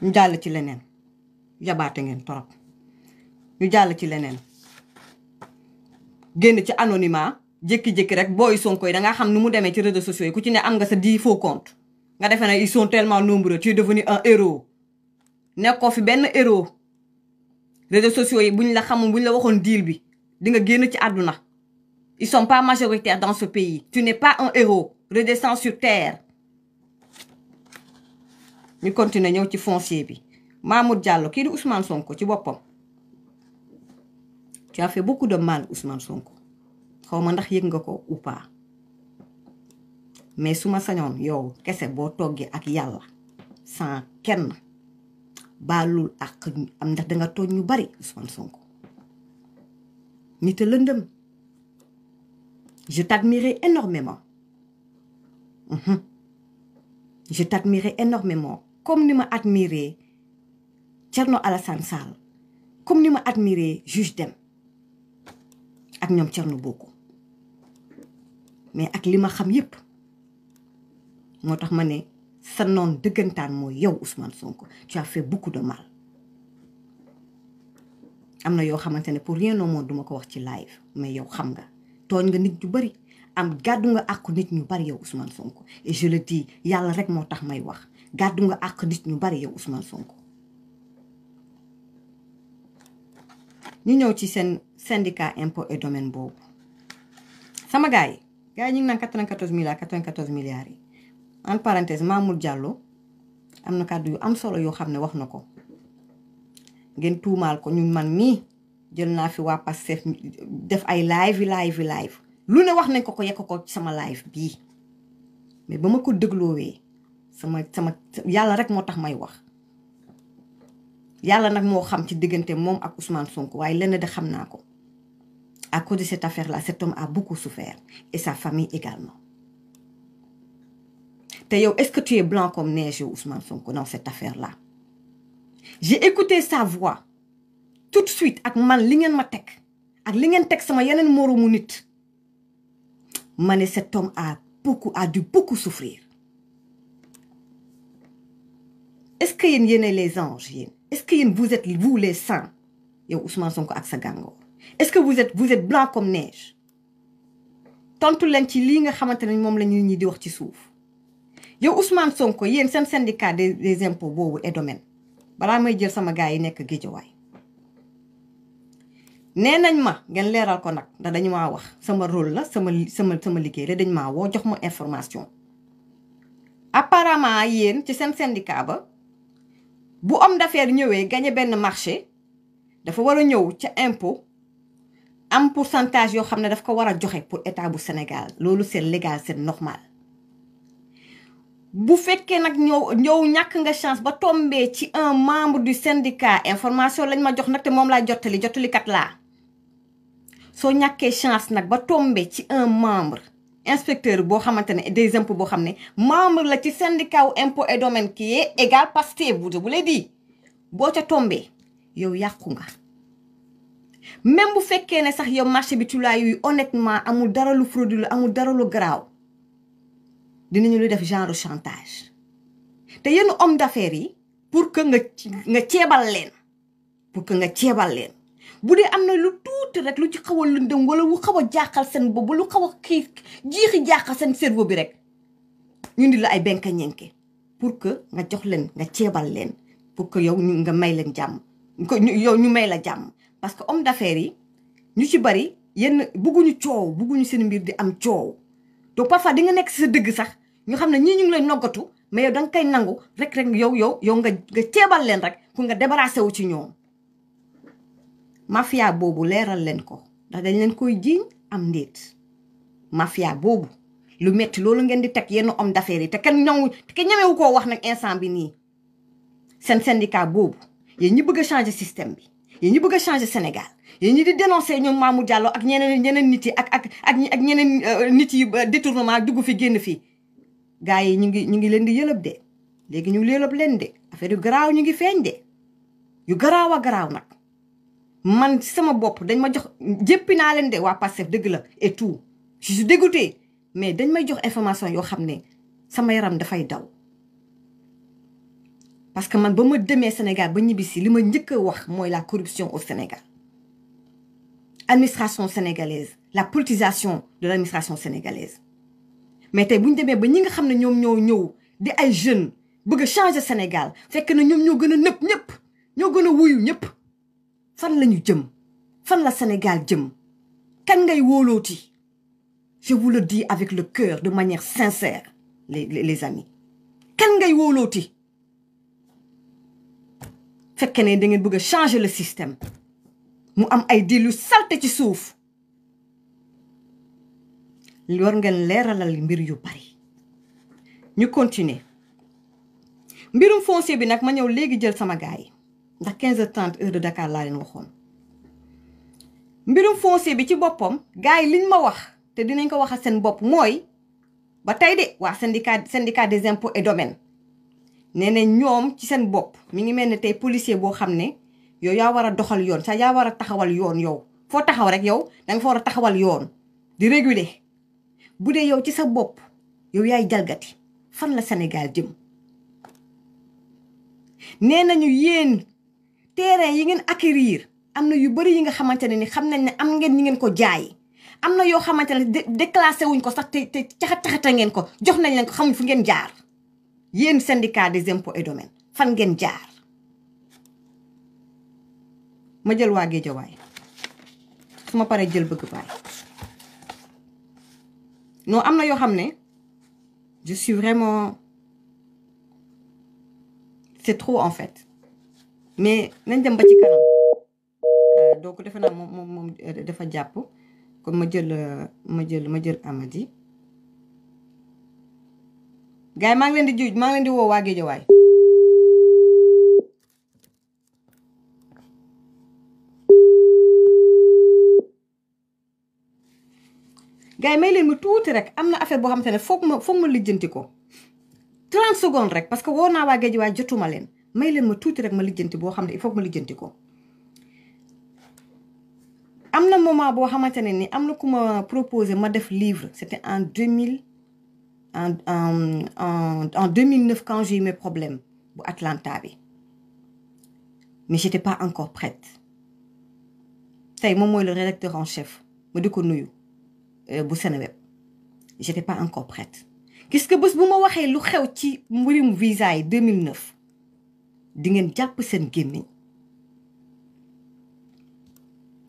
ñu jàll ci leneen yabaate ngeen torop ñu jàll ci leneen génn ci anonymat jékki-jékki rek booy Sonko yi da xam nu mu demee ci réseaux sociaux yi ku ci ne am nga sa dix faux compte nga defee ne ils sont tellement nombreux tu es un héros nekkoo fi benn héros réseaux sociaux yi ñu la xamoon ñu la waxoon deal bi di nga génn ci àdduna ils sont pas majoritaires dans ce pays tu n'es pas un héros redescends sur terre ñu continuer ñëw ci foncier bi Mamour Diallo kii di Ousmane Sonko ci boppam tu as fait beaucoup de mal Ousmane Sonko xaw ma ndax yëg nga ko ou pas mais su ma sañoon yow kese boo toggee ak yàlla sans kenn baalul ak am ndax danga tooñ ñu bari Ousmane Sonko nit a lëndëm je t'admirais énormément Mmh. Je t'admirais énormément comme ni ma admiré Thierno Alassane Sall comme ni ma admiré juge Dème ak ñoom Thierno Bocoum mais ak li ma xam yépp moo tax ma ne sa noon dëggantaan mooy yow Ousmane Sonko tu as fait beaucoup de mal am na yoo xamante ne pour rien noo monde duma ko wax ci live mais yow xam nga tooñ nga nit ñu bari am gàddu nga àqu nit ñu bari yow Ousmane Sonko et je le dis yàlla rek moo tax may wax gàddu nga àqu nit ñu bari yow Ousmane Sonko ñu ñëw ci seen syndicat impôt et domaine boobu sama gars yi gars yi ñu ngi naan 94 milliards 94 milliards yi en parenthèse Mamour jàlloo am na kàddu yu am solo yoo xam ne wax na ko ngeen tuumaal ko ñu man mii jël naa fi waa Pastef def ay live live live lu ne wax nañ ko ko yekk ko ci sama live bii mais ba ma ko dégloowee sama sama yàlla rek moo tax may wax yàlla nag moo xam ci diggante moom ak Ousmane Sonko waaye lenn de xam naa ko à cause de cette affaire là cet homme a beaucoup souffert et sa famille également te yow est-ce que tu es blanc comme neige yow Ousmane Sonko dans cette affaire la j'ai écouté sa voix tout de suite ak man li ngeen ma teg ak li ngeen teg sama yeneen moroomu nit ma ne cet homme a beaucoup a beaucoup souffrir est-ce que yéen yéenay les anges yéen est-ce que yéen vous êtes vous les saints yow Sonko ak sa gàngoor est-ce que vous êtes vous êtes blanc comme neige tontu leen ci lii nga xamante ne moom lañuy ñu ñi di wax ci suuf yow Ousmane Sonko yéen seen syndicat des des impôts boobu et domaine balaa may jël sama gars yi nekk géejawaay nee nañ ma ngeen leeral ko nag ndax dañu maa wax sama rôle la sama sama sama liggéey la dañ maa woo jox ma information apparemment yéen ci seen syndicat ba. bu homme d'affaires ñëwee gagné benn marché dafa war a ñëw ca impo am pourcentage yoo xam ne daf ko war a joxe pour état bu Sénégal loolu c'est légal c'est normal bu fekkee nag ñëw ñëw ñàkk nga chance ba tombee ci un membre du syndicat information lañ ma jox nag te moom laa jottali jottalikat laa soo ñàkkee chance nag ba tombee ci un membre inspecteur boo xamante ne des impôts boo xam ne membre la ci syndicat wu impôt et domaine qui est égal Pastef je vous l'ai dit boo ca tombee yow yàqu nga même bu fekkee ne sax yow marché bi ci laa yuy honnêtement amul dara lu frauduleux amul dara lu garaaw dinañu lu def genre chantage te yenn homme d'affaires yi pour que nga nga ceebal leen pour que nga ceebal leen bu dee am na lu tuuti rek lu ci xaw a dem wala lu xaw a jaaxal seen boobu lu xaw a kii jiixi jaaxal seen cerveau bi rek ñu di la ay benka ñenke pour que nga jox leen nga ceebal leen pour que yow ñu nga may leen jàmm yow ñu may la jàmm parce que homme d'affaires yi ñu ci bari yenn bugguñu coow bugguñu seen mbir di am coow donc parfois di nga nekk si dëgg sax ñu xam ne ñii ñu ngi lay noggatu mais yow da nangu rek rek yow yow yow nga nga ceebal leen rek pour nga débarrassé wu ci ñoom mafia boobu leeral leen ko ndax dañ leen koy jiiñ am ndéet mafia boobu lu metti loolu ngeen di teg yenn homme d'affaires yi te kenn ñoŋu te ñemewu koo wax nag instant bi nii seen syndicat boobu yéen ñi bëgg a changer bi yéen ñi bëgg a changer Sénégal yéen ñi di dénoncer ñoom Mamou Diallo ak ñeneen ñeneen nit yi ak ak ak ñeneen euh, nit yi détournement dugg fi génn fii gars yi ñu ngi ñu ngi leen di yëlëb de léegi ñu ngi yëlëb leen de affaire yu garaaw ñu ngi feeñ de yu garaaw a garaaw nag man sama bopp dañ ma jox jéppi naa leen de waa Pastef dëgg la et tout je mais dañ may jox information yoo xam ne sama yaram dafay daw parce que man ba ma demee Sénégal ba ñibbisi li ma njëkk a wax mooy la corruption au Sénégal administration sénégalaise la politisation de l'administration sénégalaise mais tey bu ñu demee ba ñi nga xam ne ñoom ñoo ñëw di ay jeunes bëgg a changer Sénégal fekk na ñoom ñoo gën a nëpp ñëpp ñoo gën a wuyu ñëpp fan lañu jëm fan la Sénégal jëm kan ngay wóolooti je vous le dis avec le cœur de manière sincère les les amis kan ngay wóolooti fekkee ne da ngeen bëgg a changer le système mu am ay dil yu salte ci suuf war ngeen leeralal mbir yu bari ñu continuer mbirum foncier bi nag ma ñëw léegi jël sama gaay yi ndax 15h30 heure de Dakar laa leen waxoon mbirum foncier bi ci boppam gars yi liñ ma wax te dinañ ko wax a seen bopp mooy ba tey de waa syndicat syndicat des impôts et domaines nee na ñoom ci seen bopp mi ngi mel ni tey policier boo xam ne yow yaa war a doxal yoon sax yaa war a taxawal yoon yow foo taxaw rek yow da nga fa war a taxawal yoon di réguler bu dee yow ci sa bopp yow yaay jalgati fan la senegal jëm nee nañu yéen terrain yi ngeen acquérir am na yu bëri yi nga xamante ne ni xam nañ ne am ngeen ñi ngeen ko jaay am na yoo xamante ne déclassé wuñ ko sax te te caxat caxata ngeen ko jox nañ leen ko xamuñ fu ngeen jaar yéen syndicat des impôts et domaines fan ngeen jaar ma jël waa Géejawaay su ma paree jël bëgg baay non am na yoo xam ne je suis vraiment c'est trop en fait mais nañ dem ba ci kanam euh, donc defe naa moom moom moom euh, jàpp kon ma jël euh, ma jël ma jël Amady gars yi maa ngi leen di juuj maa ngi leen di woo waa Géejawaay gars yi may leen ma tuuti rek am na affaire boo xamante ne foog ma foog ma lijjanti ko 30 secondes rek parce que woo naa waa Géejawaay jotuma leen may leen ma tuuti rek ma lijjanti boo xam ne il faut ma lijjanti ko am na moment boo xamante ne ni am na ku ma proposé ma def livre c'était en deux mille en en en en deux mille neuf quand j'ai eu mes problèmes bu Atlanta bi mais j'étais pas encore prête tey moom mooy le rédacteur en chef ma di ko nuyu euh, bu Seneweb j'étais pas encore prête qu'est-ce que bés bu ma waxee lu xew ci mbirum visa yi 2009 di ngeen jàpp seen gémmiñ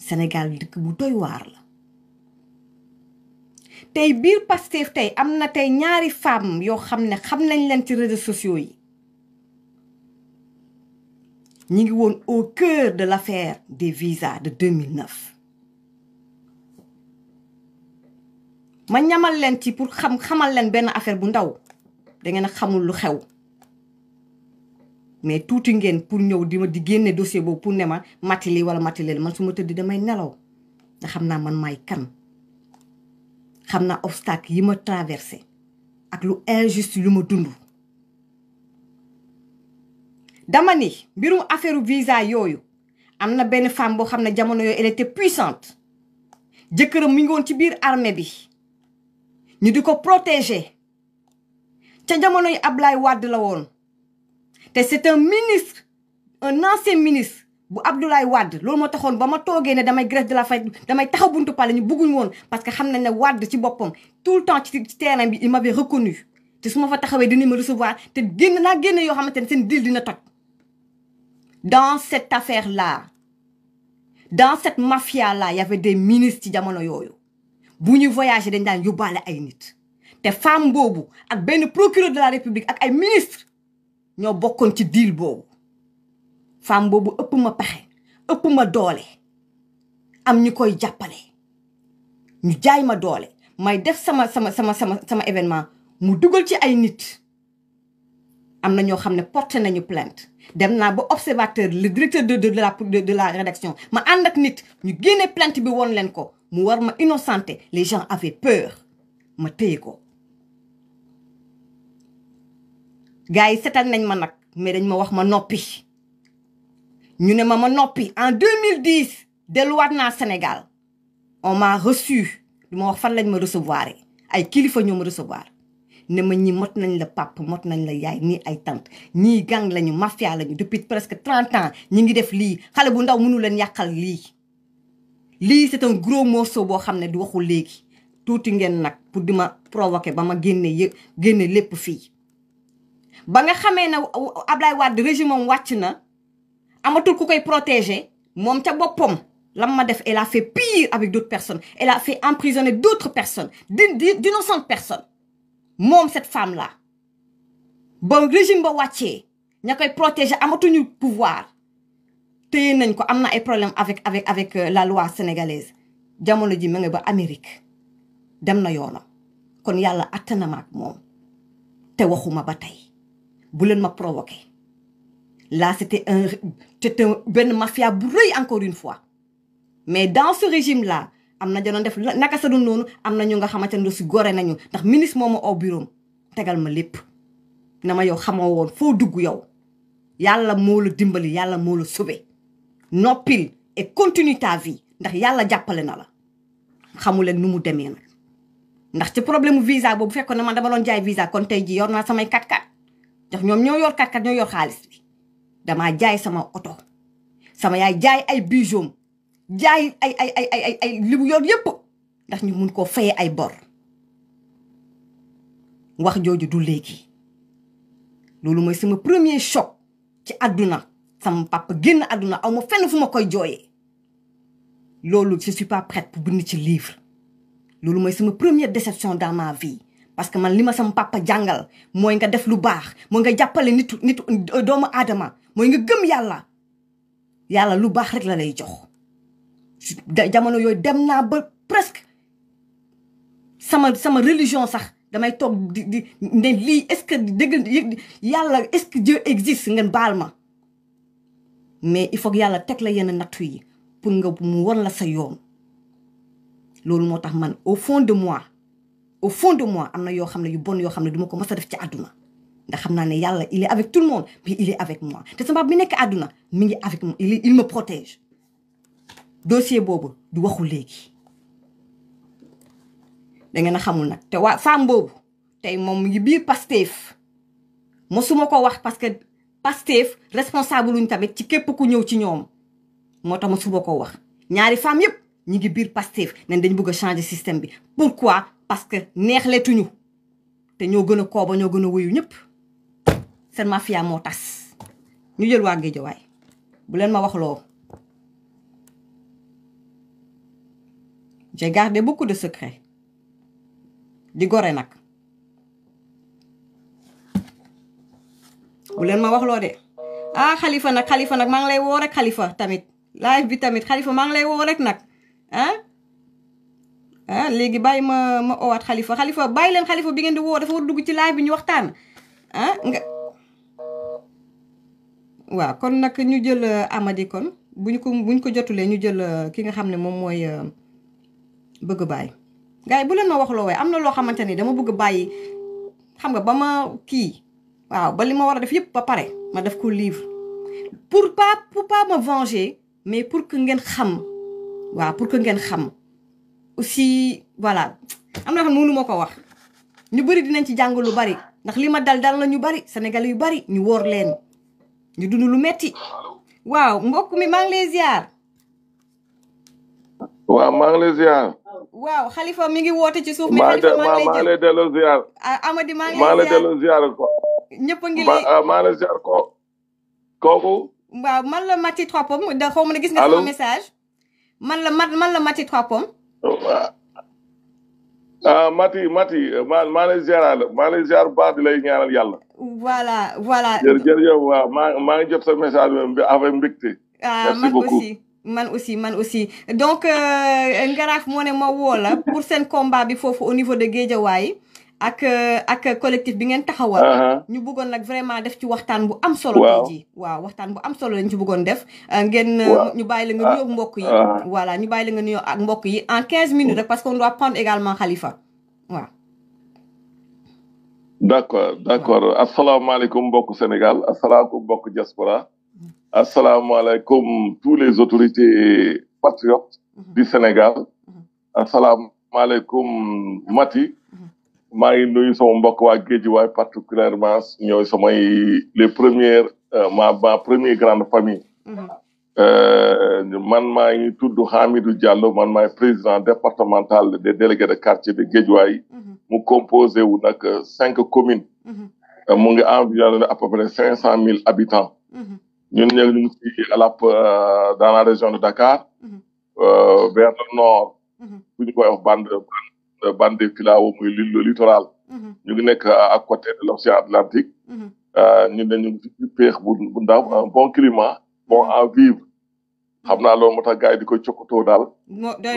Sénégal dëkk bu doy la tey biir Pastef tey am na tey ñaari femme yoo xam ne xam nañ leen ci réseaux sociaux yi ñi ngi woon au cœur de l'affaire des visa de 2009 ma ñamal leen ci pour xam xamal leen benn affaire bu ndaw dangeen a xamul lu xew mais tuuti ngeen pour ñëw di ma di génne dossier boobu pour ne ma matili wala matili man su ma tëdd damay nelaw nga xam naa man may kan xam naa obstacle yi ma traversé ak lu injuste yu ma dund dama ni mbirum affaire visa yooyu am na benn femme boo xam ne jamono yooyu elle était puissante jëkkëram mi ngi woon ci biir armée bi ñu di ko protéger ca jamono yi Ablaye la woon te c'est un ministre un ancien ministre bu Abdoulaye Wade loolu ma taxoon ba ma toogee ne damay grève de la faim damay taxaw buntu pale ñu bëgguñ woon parce que xam nañ ne Wade ci boppam tout le temps ci terrain bi il m'avait reconnu te su ma fa taxawee dina ma recevoir te génn naa génn yoo xamante ne seen dil dina toj dans cette affaire là dans cette mafia là y avait des ministres ci jamono yooyu bu ñu voyage dañ daan yóbbaale ay nit te femme boobu ak benn procureur de la république ak ay ministre ñoo bokkoon ci deal boobu femme boobu ëpp pexe ëpp doole am ñu koy jàppale ñu jaay ma doole may def sama sama sama sama sama événement mu dugal ci ay nit am na ñoo xam ne porté nañu plainte dem naa ba observateur le directeur de de la de la rédaction ma ànd nit ñu génnee plainte bi woon leen ko mu war ma innocenté les gens avaient peur ma téye ko gars yi setal nañ ma nag mais dañ ma wax ma noppi ñu ne ma ma noppi en 2010 delluwaat naa Sénégal on m'a reçu du ma wax fan lañ ma recevoir ay kilifa ñoo ma recevoir ne ma ñi mot nañ la pap mot nañ la yaay nii ay tant ñii gang lañu mafia lañu depuis presque 30 ans ñi ngi def lii xale bu ndaw mënu leen yàqal lii. lii c'est un gros morceau boo xam ne di waxul léegi tuuti ngeen nag pour di ma provoquer ba ma génne génne lépp fii. ba nga xamee ne Ablaye Wade régime am wàcc na amatul ku koy protéger moom ca boppam lam ma def elle a fait pire avec d'autres personnes elle a fait emprisonner d'autres personnes d'innocentes personnes moom cette femme là ba régime ba wàccee ña koy protéger amatuñu pouvoir téye nañ ko am na ay problème avec avec avec euh, la loi sénégalaise jamono ji ma ba Amérique dem na yoonam kon yàlla atta na moom te waxuma ba tey bu leen ma provoqué là c'était un c'était benn mafia bu rëy encore une fois mais dans ce régime là am na janoon def naka sa du noonu am na ñu nga xamante ne si gore nañu ndax ministre moo ma oo bureau tegal ma lépp na ma yow xamoo woon foo dugg yow yàlla moo dimbali yàlla moo la sauvé e et continue ta vie ndax yàlla jàppale na la xamuleen nu mu demee nag ndax ci problème visa boobu fekkoon ne dama doon jaay visa kon tey ji yor na samay 4 daf ñoom ñoo yor kat kat ñoo yor xaalis bi jaay sama oto sama yaay jaay ay bijoux jaay ay ay ay ay ay yor yépp ndax ñu mun koo fayee ay bor wax jooju du léegi loolu mooy sama premier choc ci àdduna sama papa génn àdduna aw ma fenn fu ma koy jooyee loolu je suis pas prête pour bind ci livre loolu mooy sama première déception dans ma vie parce que man li ma sama papa jàngal mooy nga def lu baax mooy nga jàppale nitu nitu euh, doomu aadama mooy nga gëm yàlla yàlla lu baax rek la lay jox jamono yooyu dem naa ba presque sama sama religion sax damay toog di di ne lii est-ce que dëgg yàlla est-ce que Dieu existe ngeen baal ma mais il faut que yàlla teg la yenn nattu yi pour nga mu war la sa yoon loolu moo tax man au fond de moi au fond de moi am na yoo xam ne yu bon yoo xam ne du ma ko a def ci àdduna ndax xam naa ne yàlla il est avec tout le monde mais il est avec moi te sama bi nekk àdduna mi ngi avec moi il ma protège dossier boobu du waxu léegi da ngeen a xamul nag te wa femme boobu tey moom mu ngi biir Pastef mosuma ko wax parce que Pastef responsable luñ tamit ci képp ku ñëw ci ñoom moo tax mosuma ko wax ñaari femme yëpp ñi ngi biir Pastef nañ dañ bëgg a changer système bi parce que neexleetuñu te ñoo gën a kooba ñoo gën a wuyu ñëpp seen mafia moo tas ñu jël waa Géejawaay bu leen ma wax loo j'ai gardé di gore nag bu leen ma wax loo de ah xalifa nag xalifa nag maa ngi lay woo rek xalifa tamit live bi tamit xalifa maa ngi lay woo rek nag ah ah léegi bàyyi ma ma owaat xalifa xalifa bàyyi leen xalifa bi ngeen di woo dafa war dugg ci live bi ñu waxtaan ah nga waaw kon nag ñu jël euh, Amady kon bu ñu ko bu ñu ko jotulee ñu jël euh, ki nga xam ne moom mooy euh, bëgg bàyyi gars bu leen ma wax loo am na loo xamante ni dama bëgg bàyyi xam nga ba ma kii waaw ba li ma war a def yëpp ba pare ma def ko livre pour pas pour pas me venger mais pour que ngeen xam waaw pour que ngeen xam aussi voilà am na xam ne mënu ko wax ñu bëri dinañ ci jàng lu bari ndax li ma dal dal la ñu bari sénégalais yu bari ñu wóor leen ñu dund lu metti waaw mbokk mi maa ngi waaw maa waaw xalifa mi ngi woote ci suuf. mi xalifa maa ngi lay maa lay delloo ko. Ah, a ngi lay ah, ko kooku. waaw man la Mati Trois Pommes da xaw ne gis nga sama message. man la mat Mati Trois Ah, ah Mati Mati eh, maa maa lay ziaraale maa lay ziar baax di lay ñaanal yàlla. voilà voilà. jërëjëf waaw maa maa ngi jot sa message bi avec ah, man aussi man aussi donc euh, Ngaraaf moo ne ma woo la pour seen combat bi foofu au niveau de Guédiawaye. ak ak collectif bi ngeen taxawal. ñu bëggoon nag vraiment def ci waxtaan bu am solo. waaw waxtaan bu am solo lañ ci bëggoon def. Euh, ngeen euh, ñu bàyyi la nga mbokk yi. voilà ñu bàyyi la nga ak mbokk yi en quinze minutes rek parce qu'on a prendre également Khalifa waaw. d'accord d'accord asalaamaaleykum mbokk Sénégal asalaamaaleykum mbokk diaspora. Mm-hmm. asalaamaaleykum tous les autorités patriotes. Mm-hmm. du Sénégal. Mm-hmm. asalaamaaleykum Mati. maa ngi nuyu sama mbokk waa Guédiawaye particulièrement ñooy samay les premières euh, ma ba première grande famille mm-hmm. euh, man maa ngi tudd Hamidou Diallo man maay président départemental des délégués de quartier de Guédiawaye mm-hmm. mu composé wu nag euh, cinq communes mm-hmm. mu ngi environ à peu près cinq cent mille habitants ñun ñëw ñu ngi ci la dans la région de Dakar vers le nord suñu koy wax bande Euh, bande de Filao muy le littoral. Mm-hmm. ñu ngi nekk euh, à côté de l'océan Atlantique. Mm-hmm. Euh, ñu bu ndaw mm-hmm. bon climat bon à vivre xam naa loolu moo tax gars yi daal.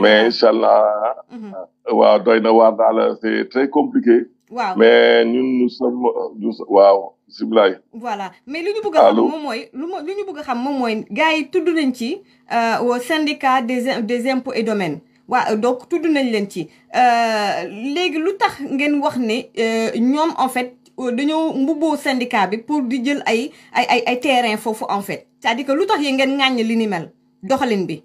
mais incha allah. doy na waar daal c'est très compliqué. waaw mais ñun nous sommes nous voilà mais lu ñu bëgg a xam moom mooy lu ñu bëgg a xam et domaines. waaw donc tudd nañ leen ci euh, léegi lu tax ngeen wax ne euh, ñoom en fait dañoo mbubboo syndicat bi pour di jël ay ay ay ay terrain foofu en fait dire que lu tax yéen ngeen ŋàññ li ni mel doxalin bi.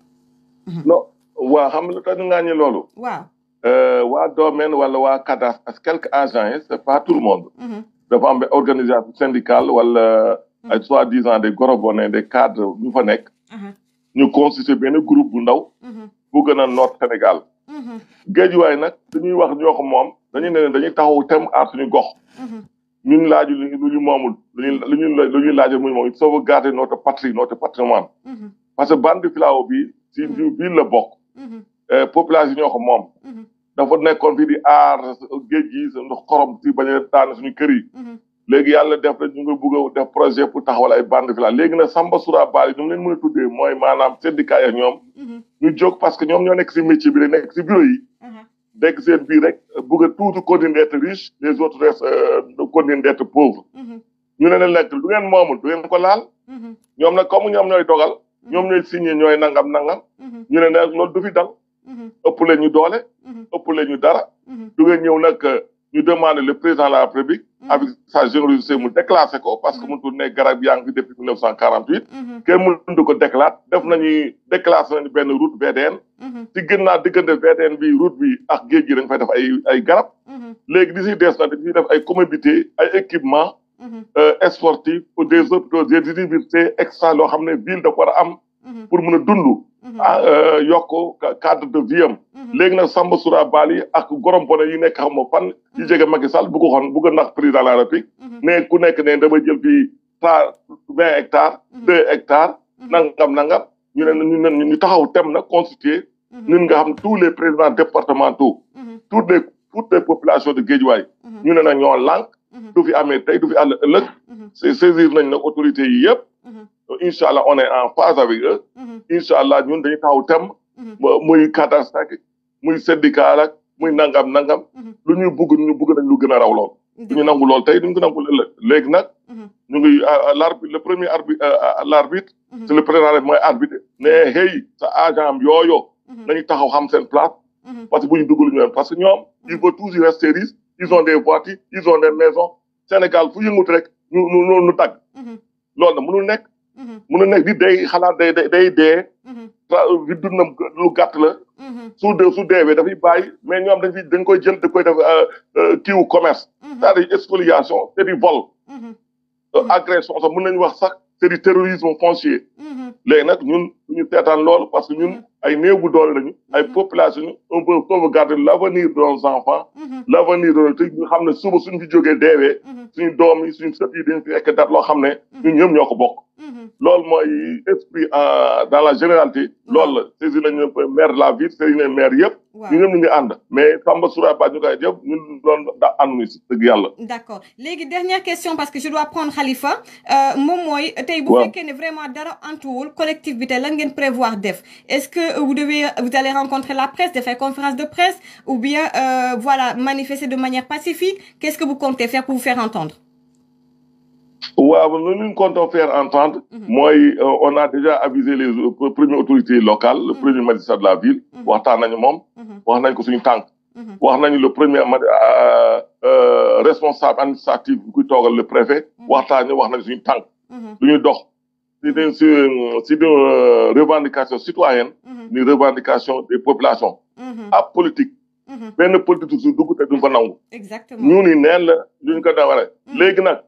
Mhm. non waaw xam nga lu tax ñu ŋàññ loolu. waaw. Euh, waa domaine wala waa cadastre parce que quelques agents yi c'est pas tout le monde. Mhm. dafa am organisation wala. Mhm. ay soi-disant des gorobonés des cadres ñu fa nekk. ñu constitué benn groupe bu ndaw. bu gën a noot Sénégal mhm. géejuwaay nag dañuy wax ñoo ko moom dañuy ne dañuy taxaw tem aar suñu gox mhm. ñun laaju lu ñu moomul luñu luñu lu ñuy laaju muy moom mhm. bi si biir biir la bokk eh, population yi ñoo ko moom dafa nekkoon fii di aar géej gi sa ndox xorom si bañ a daan suñu kër yi léegi yàlla def na ñu ngi a def projet pour taxawal ay bande filao léegi nag Samba Sura Bali ñu mu leen mën a tuddee mooy maanaam syndicat ya ñoom ñu jóg parce que ñoom ñoo nekk si métier bi la nekk si bureau yi. Mhm. nekk seen biir rek bëgg a tuuti continuer d'être riche les autres restent euh, continuer d'être pauvre. Mhm. ñu ne leen lekk lu ngeen moomul du ngeen ko laal. Mhm. ñoom na comme ñoom ñooy dogal. ñoom ñooy signé ñooy nangam nangam. ñu ne nag loolu du fi dal. ëpp leen ñu doole. ëpp leen ñu dara. du ngeen ñëw nag. Euh, ñu demandé le président la République avec sa générosité mu déclassé ko parce que mënutul ne garab yaa ngi fi depuis mille neuf cent quarante huit kenn mënut ko déclassé def nañuy déclassé nañu benn route VDN ci gën naa diggante VDN bi route bi ak géej gi dañ fay def ay ay garab léegi di siy dees na dañuy def ay commodité ay équipement sportif pour des hôpitaux des universités extra loo xam ne ville dafa war a am pour mën a dund Mm-hmm. Ah, euh, yokk cadre de vie am. Mm-hmm. léegi nag Samba Soura Bali ak gorom bone yi nekk xam nga fan. yi mm-hmm. jege Macky Sall bu ko bu ko nax président de la République. ne ku nekk ne damay jël fii ta vingt hectares. deux hectares. nangam nangam ñu ne ñu ñu taxaw tem na constitué. ñun nga xam tous les présidents départementaux. toutes les toutes les populations de waay ñu ne na ñoo lànk. du fi amee tey du fi àll ëllëg. saisir nañ na autorités yi yëpp. incha allah on est en phase avec eux. Mm-hmm. incha allah ñun dañu taxaw tem. Mm-hmm. muy cadastre muy syndicat ak muy nangam nangam. Mm-hmm. lu ñu bugg ñu bugg nañ lu gën a raw lool. ñu nangu lool tey duñ ko nangu léegi nag. ñu ngi ah, ah, l'arbitre le premier arbitre euh, ah, l'arbitre. c'est le président mooy arbitre. mais hey sa agent am yooyo. nañu taxaw xam seen place. parce que bu ñu duggul ñu parce que ñoom. il faut toujours rester riche ils ont des voitures ils ont des maisons Sénégal fu yëngut rek ñu ñu ñu tagg. loolu nag mënul nekk. Mm-hmm. mun na nekk di day xalaat day day dee. di mm-hmm. dundam lu gàtt la. Mm-hmm. su dee su deewee dafay bàyyi mais ñoom dañ dañ koy jël da koy def kiiwu euh, euh, commerce. c'est-à-dire spoliation c'est du vol. Euh, agression sax mun nañu wax sax c'est du terrorisme foncier. léegi nag bu ñu teetaan loolu parce que ñun ay néegu doole lañu ay mhm. population ñu on peut sauvegarder l' avenir mhm. de te xam ne suba suñu fi jógee deewee mhm. suñu doom yi suñu sët yi dañu fi fekk dara loo xam ne ñun ñëpp ñoo ko bokk loolu mooy esprit euh, dans la généralité loolu la saisir nañu maire la ville saisir nañu maire yëpp ñu ñëpp ñu ngi ànd mais Samba Soura Ba ñu koy jëf ñun doon da ànduñu si dëgg yàlla d' accord dernière question parce que je dois prendre Khalifa euh, ngeen prévoir def ce que euh, vous de faire conférence de presse ou bien euh, voilà manifester de manière pacifique qu'est-ce que vous comptez faire pour vous faire entendre waaw loolu ñu comptons faire entendre mhm. mooy euh, on a déjà avisé les euh, premières autorités locales le mhm. premier magistrat de la ville mhm. waxtaan nañu moom wax nañ ko suñu tànk wax nañu le premier responsable administratif bu kuy toogal le préfet waxtaan ñu wax nañu suñu tànk si d' une euh, si d' une euh, revendication citoyenne. Mhm. ni revendication des populations. Mhm. ab politique. Mhm. benn politique su dugg te duñ ko nangu. exactement ñu ni neen la lu ñu ko dawaree. léegi nag.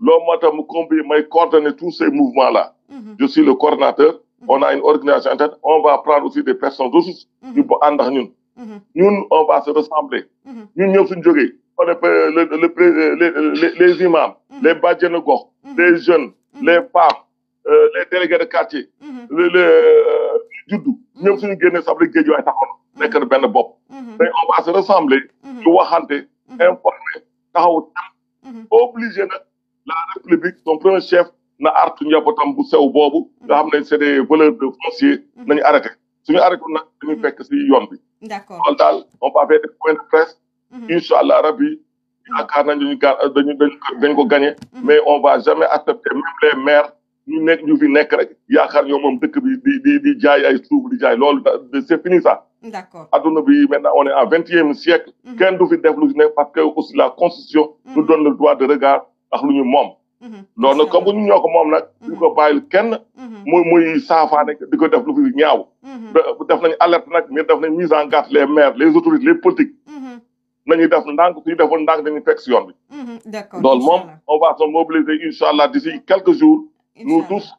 loo moo tax mu combi may coordonner tous ces mouvements là. je suis le coordonnateur. on a une organisation interne on va prendre aussi des personnes ressources. ñu ba ànd ak ñun. ñun on va se ressembler. ñun ñëpp suñu jógee. le le les imams. les bajenu gox. les jeunes les papes. Euh, les délégués de quartier. Mhm. les les euh, juddu. Mhm. ñoom suñ génnee sable géej waay taxaw mhm. nekk benn bopp. mais on va se ressembler. ñu waxante. informer taxaw tam. obligé na la république son premier chef na artu njabootam bu sew boobu. nga xam ne c' est des voleurs de foncier. nañu arrêté suñu arrêté nag dañuy fekk si yoon bi. d' accord loolu daal on va faire des points de presse. incha allah rabi. yaakaar nañ ko gagné. mais on va jamais accepter même les maires. ñu nekk ñu fi nekk rek yaakaar ñoo moom dëkk bi di di di jaay ay suuf di jaay loolu c'est fini ça. d'accord bi maintenant on est en vingtième siècle. Mhm. kenn du fi def lu ne parce que aussi la constitution. nous mhm. donne droit de regard ak lu ñu moom. Mhm. loolu nag comme bu ñu ñoo ko moom nag. duñ ko bàyyil kenn. muy muy saafaane di ko def lu fi ñaaw. def nañ alerte nag mais def nañ mise en garde les maires les autorités les politiques. nañuy def ndànk suñu defoon ndànk dañuy fekk si yoon bi. d'accord loolu moom on va se mobiliser incha nous tous,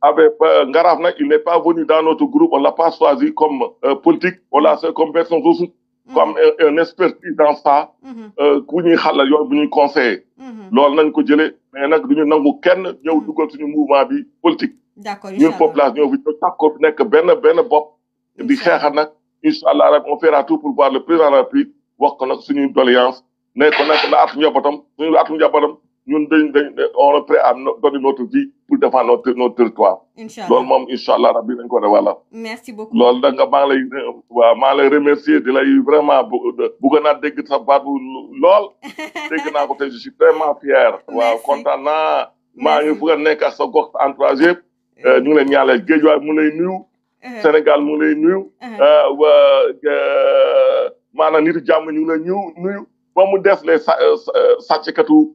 avec euh, Ngaraf, il n'est pas venu dans notre groupe, on ne l'a pas choisi comme euh, politique, on l'a choisi comme personne ressource, mm -hmm. comme un, euh, un expertise dans ça, pour mhm. euh, nous conseiller. conseil. Mhm. Lors nañ ko jëlé mais bu duñu nangu kenn ñew mhm. duggal suñu mouvement bi politique d'accord ñun population ñoo fi ñu takko nek benn ben bop di xéxal nak inshallah on fera tout pour voir le président de la République wax ko nak suñu doléance né ko nak la at ñobatam suñu ñun dañ dañ on est prêt à donner notre vie pour défendre notre notre territoire. incha allah moom incha allah rabbi dañ ko def wala. merci beaucoup loolu da nga maa lay remercier di lay vraiment bëgg naa dégg sa baat bu lool dégg naa ko te je vraiment fier. waaw kontaan naa maa ngi bëgg nekk ak sa gox entourage yëpp eh. Eh, ñu ngi leen ñaanal Guédiawaye mu lay nuyu. Eh. Sénégal mu lay nuyu. maanaam nit jàmm ñu ngi lay nuyu. ba mu def les sa euh, euh, sàcckatu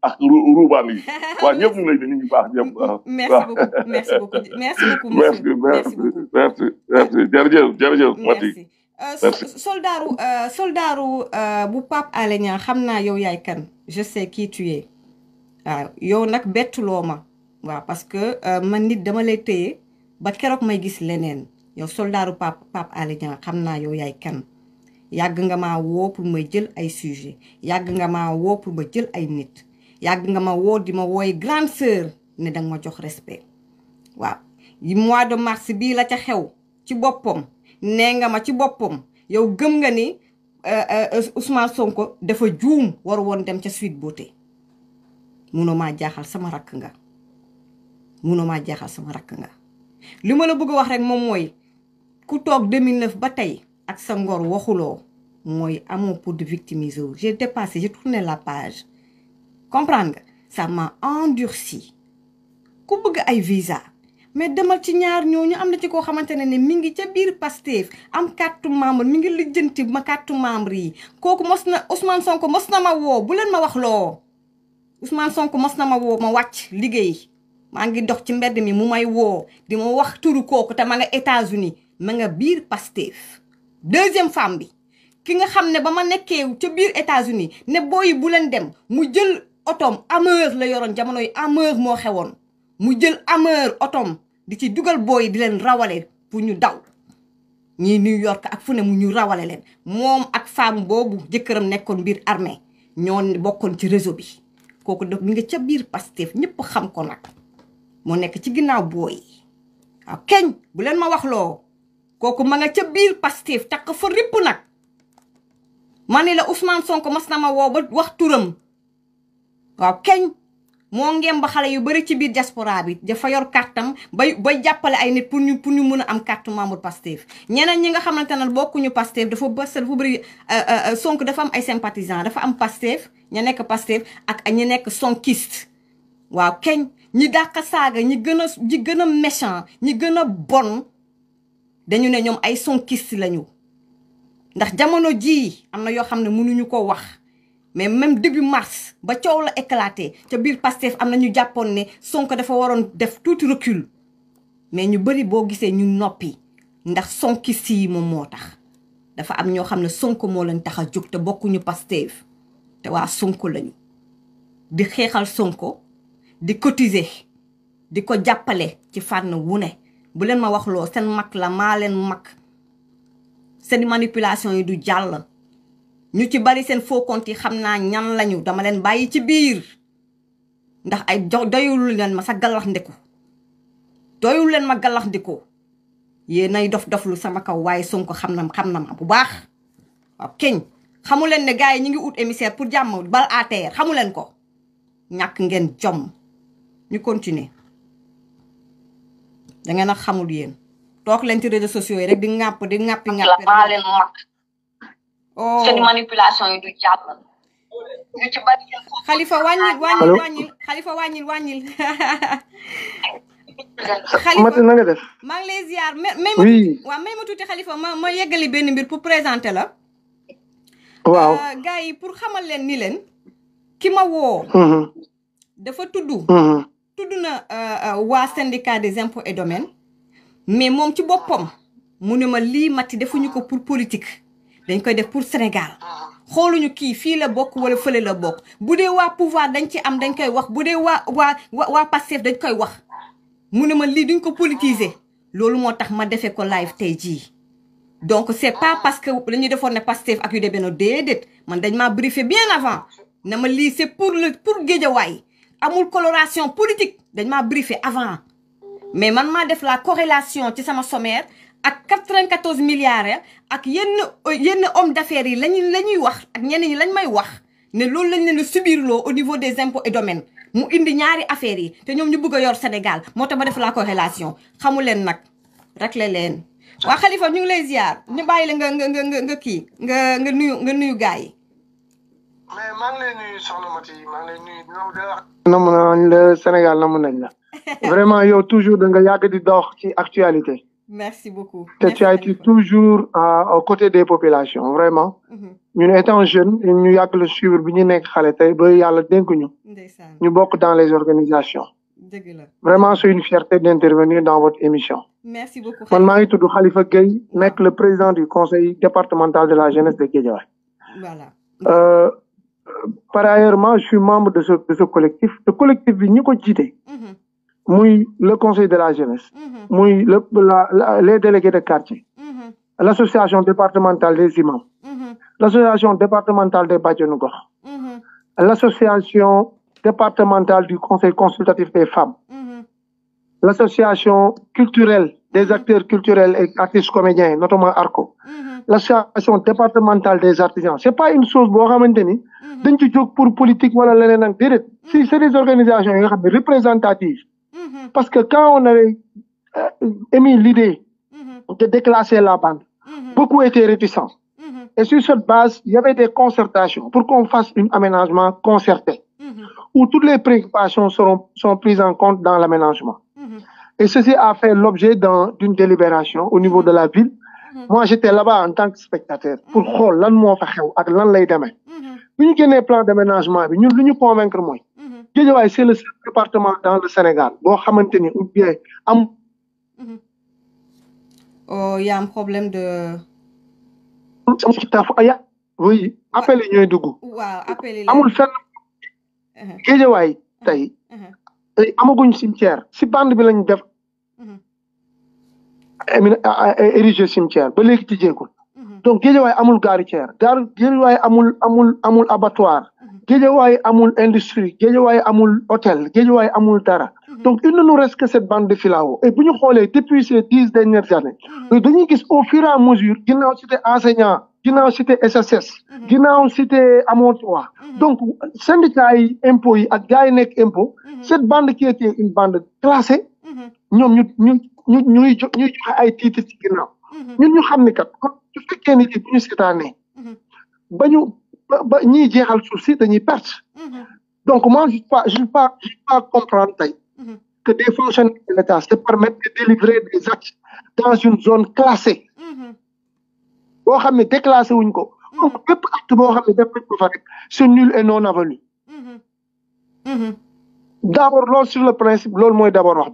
ak ruubaan yi waaw ñëpp ñu ngi lay ñu ngi ñëpp. merci beaucoup merci beaucoup merci beaucoup merci merci Mati. Euh, soldaaru soldaaru bu Pape Alé xam naa yow yaay kan je sais qui tu waaw yow nag bettuloo ma waaw parce que man nit dama lay téye ba keroog may gis leneen yow soldaaru Pape Pape xam naa yow yaay kan. yàgg nga ma woo pour ma jël ay sujet yàgg nga ma woo pour ma jël ay nit yàgg nga ma woo di ma woy grande sœur ne danga ma jox respect waaw yi mois de mars bii la ca xew ci boppam nee nga ma ci boppam yow gëm nga ni euh, euh, Ousmane Sonko dafa juum war woon dem ca suite beauté munoo maa jaaxal sama rakk nga munoo maa jaaxal sama rakk nga li ma la bëgg a wax rek moom mooy ku toog 2009 ba tey ak sa ngor waxuloo mooy amoo pour de victimiser wu j'ai dépassé j'ai tourné la page comprendre nga ça m'a endurci ku bëgg ay visa mais demal ci ñaar ñooñu am na ci koo xamante ne ne mi ngi ca biir Pastef am carte membre mi ngi lijjanti ma carte membre yi kooku mos na Ousmane Sonko mos na ma woo bu leen ma wax loo Ousmane Sonko mos na ma woo ma wàcc liggéey maa ngi dox ci mbedd mi mu may woo di ma wax turu kooku te ma nga États-Unis ma biir Pastef deuxième femme bi ki nga xam ne ba ma nekkee ca biir États-Unis ne booyi bu leen dem mu jël otoom ameur la yoroon jamono yi ameur moo xewoon mu jël ameur otoom di ci dugal booyi di leen rawale pour ñu daw ñii New York ak fu ne mu ñu rawale leen moom ak femme boobu jëkkëram nekkoon biir armée ñoo bokkoon ci réseau bi kooku def mi nga ca biir Pastef ñëpp xam ko nag moo nekk ci ginnaaw booyi waaw keñ bu leen ma wax loo kooku ma nga ca biir Pastef takk fa ripp nag ma ni la Ousmane sonk mas na ma woo ba wax turam waaw keñ moo ngem ba xale yu bari ci biir diaspora bi dafa yor kàttam ba bay jàppale ay ni pour ñu pour ñu mën a am carte membre Pastef ñeneen ñi nga xamante ne bokkuñu Pastef dafa bës dafa bari euh, euh, euh, sonk dafa am ay sympathisants dafa am Pastef ña nekk Pastef ak ñi nekk sonkiste waaw keñ ñi dàq saaga ñi gën a ñi gën a méchant ñi gën a bon dañu ne ñoom ay sonkis lañu ndax jamono jii am na yoo xam ne mënuñu ko wax mais même début mars ba coow la éclaté ca biir Pastef am na ñu jàppoon ne Sonko dafa waroon def tuuti recul mais ñu bëri boo gisee ñu noppi ndax sonkis yi moom moo tax dafa am ñoo xam ne Sonko moo leen tax a jóg te bokkuñu Pastef te waa Sonko lañu di xeexal Sonko di cotiser di ko jàppale ci fànn wu ne bu leen ma waxuloo seen mag la maa leen mag seen manipulation yi du jàll ñu ci bari seen faux compte yi xam naa ñan lañu dama leen bàyyi ci biir ndax ay doyul leen ma sa gallax ndiku leen ma gallax ndiku yéen nay dof doflu sama kaw waaye Sonko xam na xam na ma bu baax waaw keñ xamu leen ne gars yi ñu ngi ut émissaire pour jàmm bal ATR xamu leen ko ñàkk ngeen jomm ñu continuer da a xamul yéen toog leen ci réseaux sociaux yi rek di ŋàpp di ŋàppi ŋàppi. maa leen xalifa oh. wàññil wàññil xalifa wàññil wàññil. Mati na def. maa ngi lay may ma tuuti xalifa ma yeggali benn mbir pour présenter la. waaw euh, gars yi pour xamal leen ni leen. ki ma woo. Mm-hmm. dafa tudd. Mm-hmm. tudd na euh, euh, waa syndicat des impôts et domaines mais moom ci boppam mu ne ma lii mati defuñu ko pour politique dañ koy def pour Sénégal xooluñu kii fii la bokk wala fële la bokk bu dee waa pouvoir dañ ci am dañ koy wax bu dee waa waa waa Pastef dañ koy wax mu ne ma lii duñ ko politiser loolu moo tax ma defee ko live tey jii donc c'est pas parce que la ñuy defoon ne Pastef ak yu de benn déedéet man dañ maa briefé bien avant na ma lii c'est pour le pour Guédiawaye amul coloration politique dañ maa briefé avant mais man maa def la corrélation ci sama sommaire ak 94 milliards ak yenn yenn homme d'affaires yi lañu la ñuy wax ak ñenn ñi lañ may wax ne loolu lañ leen a subirloo au niveau des impôts et domaines mu indi ñaari affaires yi te ñoom ñu bëgg a yor Sénégal moo tax ma def la corrélation xamu leen nag rek la leen. waa Khalifa ñu ngi lay ziar ñu bàyyi la nga nga nga nga kii nga nga nuyu nga nuyu gars yi. mais maa ngi lay nañ Sénégal na mu nañ la vraiment yow toujours da nga yàgg di dox ci actualité. merci beaucoup. te tu as été toujours euh, aux côté des populations vraiment. ñu mhm. ñun étant jeune ñu yàgg la suivre bi ñu nekk xale te ba yàlla dénk ñu. ñu bokk dans les organisations. dëgg la vraiment c'est une fierté d'intervenir dans votre émission. merci beaucoup man maa ngi tudd Khalifa Gueye nekk le président du conseil départemental de la jeunesse de Guédiawaye. voilà. Euh, par je suis membre de ce de collectif te collectif bi ñi ko jiite. Mhm. muy le conseil de la jeunesse. Mhm. muy le la, la les délégués de quartier. Mhm. l' association départementale des imams. l' association départementale des bajenu gox. l' association départementale du conseil consultatif des femmes. l' culturelle des acteurs culturels et artistes comédiens notamment ARCO mm-hmm. l'association départementale des artisans c'est pas une chose boo xamante ni mm-hmm. dañ ci jóg pour politique wala leneen ak déedéet mm-hmm. si c'est des organisations yi nga xam ne représentatives parce que quand on avait euh, émis l'idée de déclasser la banque beaucoup étaient réticents et sur cette base il y avait des concertations pour qu'on fasse un aménagement concerté où toutes les préoccupations seront sont prises en compte dans l'aménagement Et ceci a fait l'objet d'une délibération au niveau de la ville. Mm-hmm. Moi, j'étais là en tant que spectateur pour mm-hmm. xool lan moo fa xew ak lan lay demee. Mm-hmm. bu ñu génnee plan d'aménagement bi ñun lu ñu convaincre mooy. Guédiawaye c'est le département dans le Sénégal boo xamante ni ou bien am. oh y problème de. Ah, oui appel yi ñooy dugg. amul fenn. Uh-huh. Guédiawaye tey. Uh-huh. cimetière si bande bi lañ def érigé cimetière ba léegi ci jéegul mhm. donc géejawaay amul gare routière gare géejawaay amul amul amul abattoir mhm. géejawaay amul industrie géejawaay amul hôtel géejawaay amul dara mhm. donc il ne nous reste que cette bande de filao et bu ñu xoolee depuis ces dix dernières années dañuy gis au fur et à mesure ginnaaw cité enseignant ginnaaw cité SSS ginnaaw cité Amontois donc syndicat yi impôts yi ak gars yi nekk impôt cette bande qui était une bande classée ñu ñuy jox ñuy joxe ay titre mm-hmm. ñu xam ni kat kon su fekkee ni mm-hmm. ñu jeexal suuf si dañuy perte mm-hmm. donc moi je pas je pas je pas comprendre tey que des fonctionnaires de l'État se permettent délivrer des actes dans une zone classée boo xam ne déclassé wuñ ko donc bépp boo xam ne def nañ ko fa rek nul et non avenu d'abord loolu sur le principe loolu mooy d'abord wax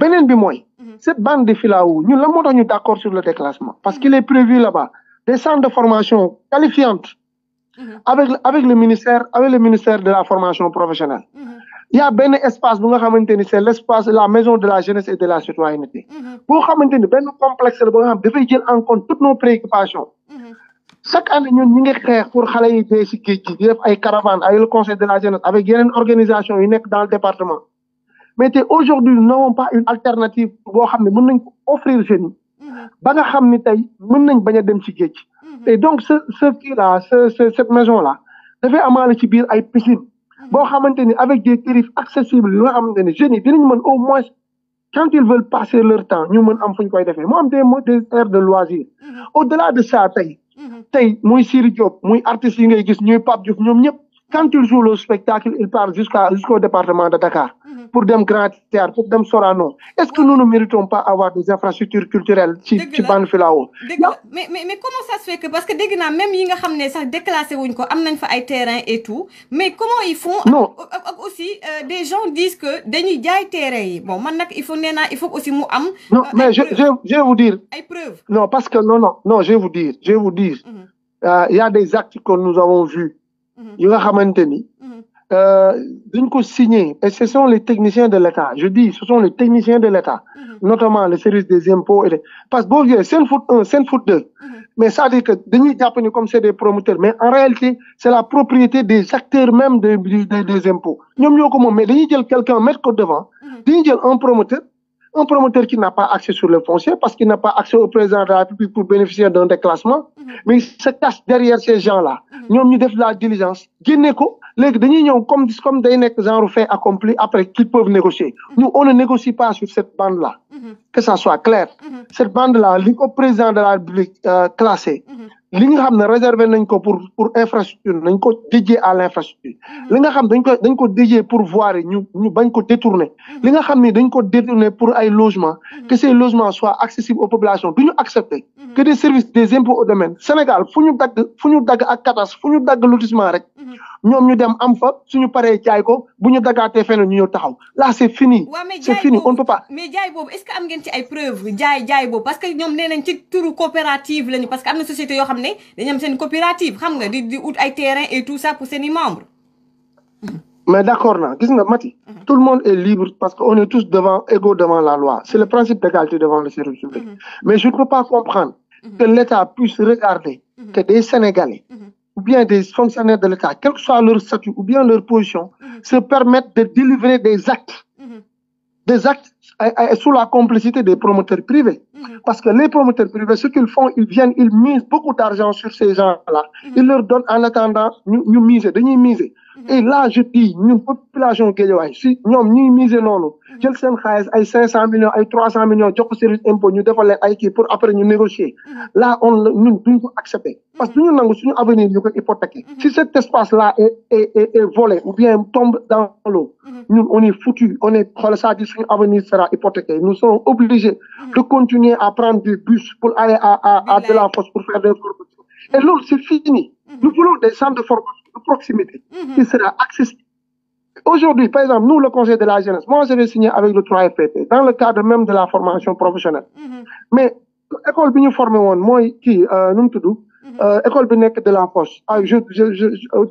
beneen bi mooy cette bande de filao ñun la moo tax ñu d'accord sur le déclassement parce qu'il est prévu là-bas des centres de formation qualifiantes mm-hmm. avec le ministère avec le ministère de la formation professionnelle mm-hmm. il y espace bu nga xamante ni c'est l'espace la maison de la jeunesse et de la citoyenneté mm-hmm. boo xamante ni complexe la ba nga xam dafay jël en compte toutes nos préoccupations chaque année ñun ñu ngi xeex pour xale yi dee si avec nekk dans le département mais tey aujourd'hui no n'avons pas une alternative boo xam ne mën nañ ko offrir jeunes yi mm-hmm. ba nga xam ne tey mën nañ bañ a dem ci géej mm-hmm. et donc ce ce kii là ce ce cette maison là dafay amaale ci biir ay piscine mm-hmm. boo xamante ni avec des tarifs accessibles yoo xamante ne jeunes mën au moins quand ils veulent passer leur temps ñu mën am fu ñu koy defee mu am des des aires de loisir au delà de ça tey tey muy Siri Diop muy artistes yi ngay gis ñuy Pape Diouf ñoom ñëpp quand ils jouent le spectacle ils partent jusqu'à jusqu'au département de Dakar pour dem Grand Théâtre pour dem Sorano est-ce que nous ne méritons pas avoir des infrastructures culturelles. ci ci bande mais mais comment ça se que parce que dégg même yi nga xam ne sax déclassé wuñ ko am nañ fa ay terrain et tout mais comment ils font. non aussi euh, des gens disent que dañuy jaay terrain yi bon il faut nee il faut aussi mu am. non euh, mais je vous dire. non parce que non non non je vous dire je vous dire. il mm-hmm. euh, a des actes que Euh, duñ ko signé et ce sont les techniciens de l'État je dis ce sont les techniciens de l'État mm-hmm. notamment le service des impôts et parce que boo jëlee seen foot un mm-hmm. mais cest dire que dañuy jàpp comme c'est des promoteurs mais en réalité c'est la propriété des acteurs même des impôts ñoom ñoo ko moom mais dañuy jël quelqu'un mettre ko devant mm-hmm. dañuy jël un promoteur un promoteur qui n'a pas accès sur le foncier parce qu'il n'a pas accès au ñu def la diligence génne ko léegi dañuy ñëw comme comme day nekk genre fait accompli après qu'ils peuvent négocier mhm. nous on ne négocie pas sur cette bande là mhm. que ça soit clair mhm. cette bande là li ko président de la République euh, classé li nga xam ne réservé nañ ko pour pour infrastructure nañ ko dédié à l' infrastructure li nga xam dañ ko dañ ko dédié pour voir ñu ñu bañ ko détourner li nga xam ni dañ ko détourner pour ay logement que ces logements soient accessibles aux populations du ñu accepter que des services des impôts au Sénégal fu ñu dagg fu ñu dagg ak katas fu ñu dagg lotissement rek ñoom ñu dem am fa suñu paree jaay ko bu ñu dagaatee feneen ñu ñëw taxaw là c' fini. c' fini on ne peut jaay boobu est ce que am ngeen ci ay preuve jaay jaay boobu parce que ñoom nee nañ ci turu coopérative lañu parce que am na société yoo xam ne dañu am seen coopérative xam nga di di ut ay terrain et tout ça pour seen i membres. mais d' accord nga Mati. Mhm. tout le monde est libre parce que on est tous devant égaux devant la loi c' est le principe d'égalité devant ou bien des fonctionnaires de l'État, quel que soit leur statut ou bien leur position, mm-hmm. se permettent de délivrer des actes, mm-hmm. des actes euh, euh, sous la complicité des promoteurs privés. Mm-hmm. Parce que les promoteurs privés, ce qu'ils font, ils viennent, ils misent beaucoup d'argent sur ces gens-là. Ils leur donnent en attendant, nous, miser, de miser. et là je dis ñun population Guédiawaye si ñoom ñuy miser noonu mhm. jël seen xaalis ay cinq cent millions ay trois cent millions jox ko service impôt ñu defal leen ay kii pour après ñu négocier mhm. là on la ñun accepter mhm. parce que duñu nangu suñu avenir ñu ko hypothéquer si cet espace là est est est volé ou bien tombe dans l'eau ñun on est foutu on est xool ça dit suñu avenir sera hypothéqué nous serons obligés de continuer à prendre du bus pour aller à à la Delafosse pour faire des formations Nous voulons des centres de formation de proximité mhm. qui sera accessible. Aujourd'hui, par exemple, nous, le Conseil de la jeunesse, moi, j'ai signé avec le 3FPT, dans le cadre même de la formation professionnelle. Mhm. Mais école bi ñu formé woon mooy kii euh, nu mu tudd mhm. euh, école bi nekk de la poste ah je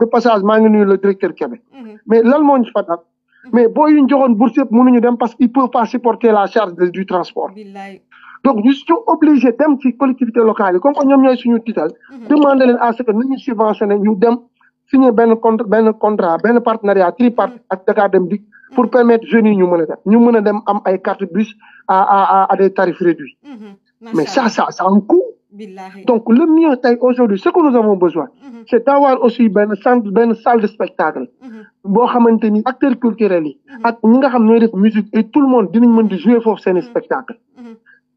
de passage maa ngi nuyu le directeur Kébé mais lan moo ñu fa mais boo yu ñu joxoon bourse yëpp mënuñu dem parce qu'ils peuvent pas supporter la charge du transport donc ñu suñu obligé dem ci collectivité locale yi comme que ñoom ñooy suñu tiital mhm. demandé leen à ce que nañu subventionné ñu dem signé benn con benn contrat benn partenariat tripartite mhm. a Dakar Dem Dikk pour mhm. permettre jeunes yi ñu mën a dem ñu a dem am ay carte bus à à à des mais ça ça ça a un donc le mieux tey aujourd'hui ce que nous avons besoin c'est d'avoir aussi benn centre benn salle de spectacle boo xamante ni acteurs culturels yi a ñi nga xam ñooy def musique et tout le monde dinañ mën seen spectacle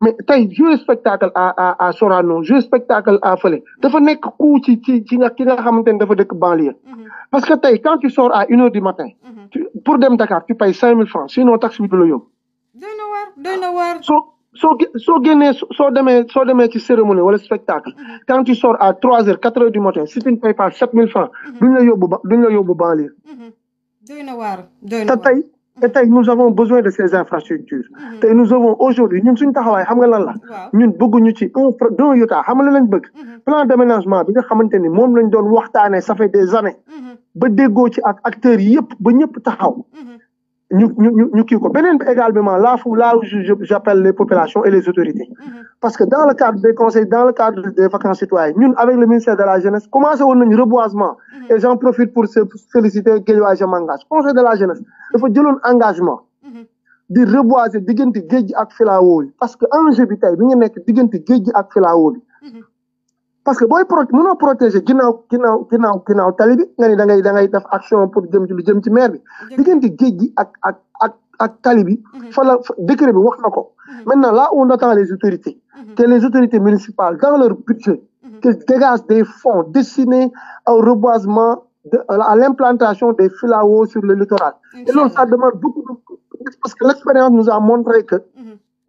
mais tey jeu spectacle à à à Sorano spectacle à fële dafa nekk ku ci ci ci nga ki nga xamante ne dafa dëkk banlieue mm-hmm. parce que tey quand tu sors à une heure du matin mm-hmm. pour dem Dakar tu payes cinq mille francs sinon taxi bi du la yóbbu. doy na waar doy soo soo soo génnee soo demee soo demee ci cérémonie wala spectacle mm-hmm. quand tu sors à trois heures quatre heures du matin si tu ne payes pas sept mille francs duñ la yóbbu ba duñ la yóbbu banlieue. doy na te et tey nous avons besoin de ces infrastructures mhm. tey nous avons aujourd'hui ñun suñu taxawaay xam nga lan la ñun bëgguñu ci un don yuta xam nga lañ bëgg mhm. plan d'aménagement bi nga xamante ni moom lañ doon waxtaanee ça fait des années mhm. ba déggoo ci ak acteurs yëpp ba ñëpp taxaw ñu ñu ñu kii ko beneen bi également là fu là où j'appelle les populations et les autorités mm-hmm. parce que dans le cadre des conseils dans le cadre des vacances citoyennes ñun avec le ministère de la jeunesse commencé woon nañu reboisement mm-hmm. et j'en profite pour se féliciter Guédiawaye je m'engage conseil de la jeunesse mm-hmm. dafa jëloon engagement di reboiser diggante géej gi ak filao yi parce que enjeu bi tey bi nga nekk diggante géej ak filao bi parce que booy pro mënoo protéger ginnaaw ginnaaw ginnaaw ginnaaw tali bi nga ni da ngay da ngay def action pour jëm ci lu jëm ci maire bi diggante géej gi ak ak ak ak tali bi mhm. fa la décret bi wax na ko mhm. maintenant là on attend les autorités mhm. que les autorités municipales dans leur budget que dégagent des fonds destinés au reboisement de à l'implantation des filao sur le littoral et loolu ça demande beaucoup de parce que l'expérience nous a montré que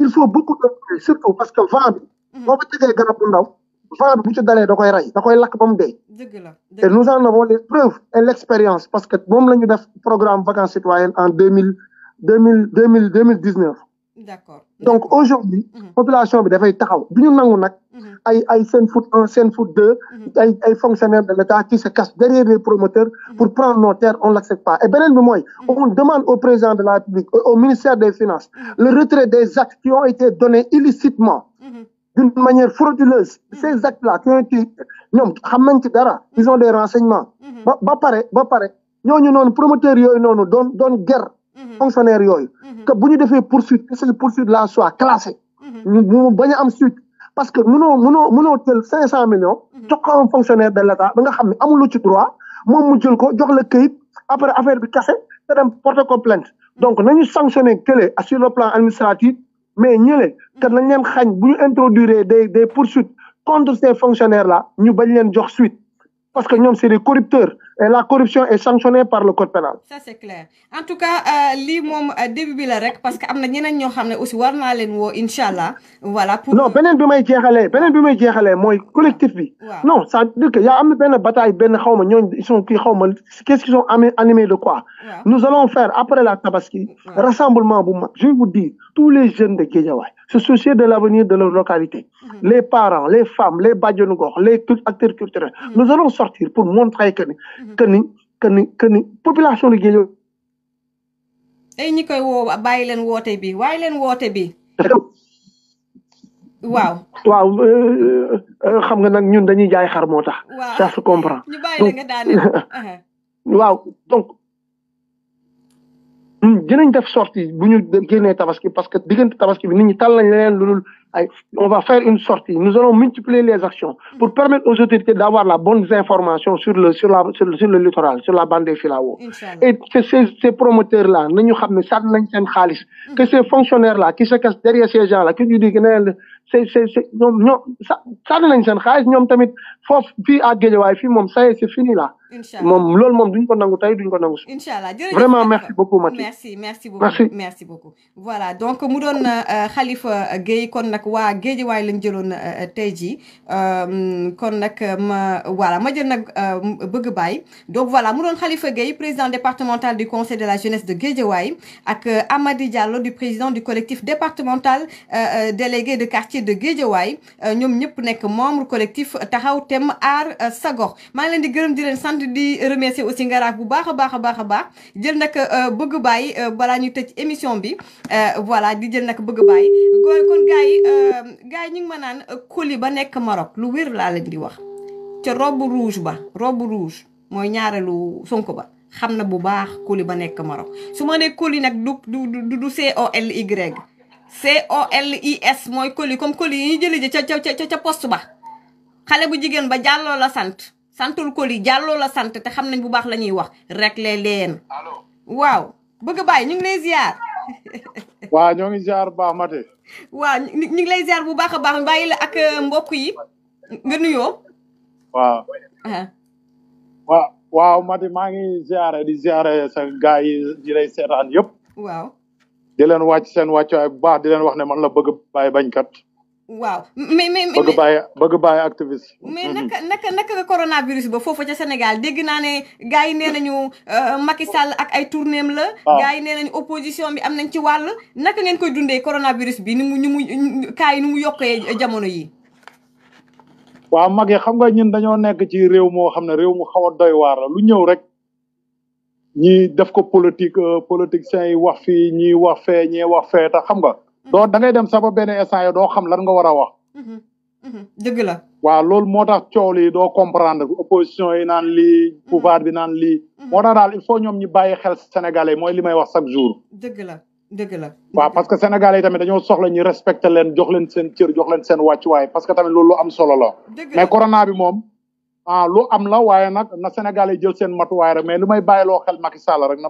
il faut beaucoup de surtout parce que vent bi boo fa tegee garab bu ndaw vent bu ci dalee da koy rey da koy lakk ba mu dee. nous en avons les preuves et l' parce que moom la ñu def programme vacances citoyennes en deux mille deux mille deux mille deux mille dix neuf. d' accord donc aujourd'hui mhm. population bi dafay taxaw du ñu nangu nag. Mhm. ay ay seen foot un seen foot deux. Mhm. ay ay de l' état qui se cachent derrière les promoteurs. pour prendre nos terres on l' pas et beneen bi mooy. on demande au président de la République au ministère des finances. le retrait des actes qui ont été d'une manière frauduleuse mm-hmm. ces actes là qui ont ñoom xam nañ ci dara ils ont des mm-hmm. ba ba pare ba pare ñooñu noonu promoteur yooyu noonu doon doon guerre mm-hmm. fonctionnaire yooyu que bu ñu defee poursuite que ces poursuites là soit classées ñu bañ a am suite parce que mënoo mënoo mënoo cinq cent millions jox ko un fonctionnaire de l'État ba nga xam ne amul lu droit moom mu jël ko jox la këyit après affaire bi kase te dem porter ko plainte donc nañu sanctionner kële mais ñële te nañ leen xañ bu ñu introduire des des poursuites contre ces fonctionnaires là ñu bañ leen jox suite parce que ñoom c'est des corrupteurs et la corruption est sanctionnée par le code pénal. ça c'est en tout cas euh, lii moom euh, début bi la rek parce que am na ñeneen ñoo xam ne aussi war naa wo woo incha allah voilà. pour non beneen bi may jeexalee beneen bi may jeexalee mooy collectif bi. non c'est-à-dire que y' a am benn bataille benn xaw ma ñooñu ils sont kii xaw ma qu'est-ce qu'ils sont animés de quoi. nous allons faire après la tabaski. rassemblement bu mag je vous dis tous les jeunes de Guédiawaye. se soucier de l'avenir de leur localité. Mm-hmm. les parents les femmes les bajenu gox les acteurs culturels. Mm-hmm. nous allons sortir pour montrer que ni mm-hmm. que ni que ni que ni population de Guédiawaye. tey ñi koy woo bàyyi leen woote bi waaye leen woote bi. waaw. waaw euh, euh, euh, xam nga nag ñun dañuy jaay xar moo tax. ça comprend. ñu donc. Uh-huh. Hmm, dinañ def sortie bu ñu génnee tabaski parce que diggante tabaski bi nit ñi tal nañ leneen lu dul on va faire une sortie nous allons multiplier les actions pour permettre aux autorités d'avoir la bonne information sur le sur la sur, sur le littoral sur la bande des filaos et que ces ces promoteurs là nañu xam ne sànni nañ seen xaalis hmm. que ces fonctionnaires là qui se cachent derrière ces gens là que ñu di ne c'est c'est c'est ñoom ñoom sànni nañ seen tamit foofu fii à Guédiawaye fii moom sa y est fini là moom loolu moom duñ ko nangu tey duñ ko nangu su incha merci merci merci merci merci beaucoup voilà donc mu doon xalifa euh, Gueye kon nag waa Guédiawaye lañ jëloon euh, tey jii euh, kon nag ma voilà ma jël nag bëgg baay donc voilà mu doon Khalifa Gueye président départemental du conseil de la jeunesse de Guédiawaye ak amadi Diallo du président du collectif départemental délégué de quartier de Guédiawaye ñoom ñëpp nekk membre collectif taxaw tem aar sa maa leen di remercier aussi Ngaraaf bu baax a baax a baax a baax jël nag euh, bëgg bàyyi euh, balaa ñu tëj émission bi euh, voilà di jël nag bëgg bàyyi kon yi gars yi ñu ngi ma naan colis ba nekk Maroc lu wér laa leen di wax ca robe rouge ba robe rouge mooy ñaareelu Sonko ba xam na bu baax colis ba nekk Maroc su ma nee colis nag du du du O L Y C O I S mooy koli comme koli yi ñu jëlee ca ca ca ca poste ba xale bu jigéen ba jàlloo la sant. santul ko li jàlloo sant te xam nañ bu baax la ñuy wax réglé leen. allo waaw bëgg bàyyi ñu ngi lay ziar. waaw ñoo ngi ziar bu baax Mate. waaw ñu ngi lay ziar bu baax a baax bàyyi la ak euh, mbokk yi nga nuyoo. waaw. waaw waaw Mate maa ngi ziare di ziare sa gars yi di lay seetaan yëpp. waaw. di leen wàcc seen waay bu baax di leen wax ne man la bëgg bàyyi bañkat. waaw mais mais bëgg bàyyi bëgg bàyyi activiste. mais mhm. naka naka naka coronavirus ba foofa ca Sénégal dégg naa ne gars yi nee nañu euh, Macky Sall ak ay tournéem la. waaw ah. gars yi nee nañu opposition bi am nañ ci wàll. naka ngeen koy dundee coronavirus bi ni mu ni mu kaa yi ni mu yokkee jamono yi. waaw mag yi xam nga ñun dañoo nekk ci réew moo xam ne réew mu xaw a doy waar lu ñëw rek ñi def ko politique euh, politiciens yi wax fii ñi wax fee ñee wax fee tax xam nga. doo dangay dem saba bene instant doo xam lan nga war a wax. Mm-hmm. Mm-hmm. dëgg la. waaw loolu moo tax coow lii doo comprendre opposition yi naan li mm-hmm. pouvoir bi naan lii. moo tax daal il faut ñoom ñu bàyyi xel sénégal sénégalais mooy li may wax chaque jour. dëgg la dëgg la. waaw parce que sénégal yi tamit dañoo soxla ñu respecté leen jox leen seen cër jox leen seen wàccuwaay parce que tamit loolu lu am solo la. mais corona bi moom. ah lu am la waaye nag na sénégalais jël seen matuwaay rek mais lu may bàyyiloo xel Macky Sall rek na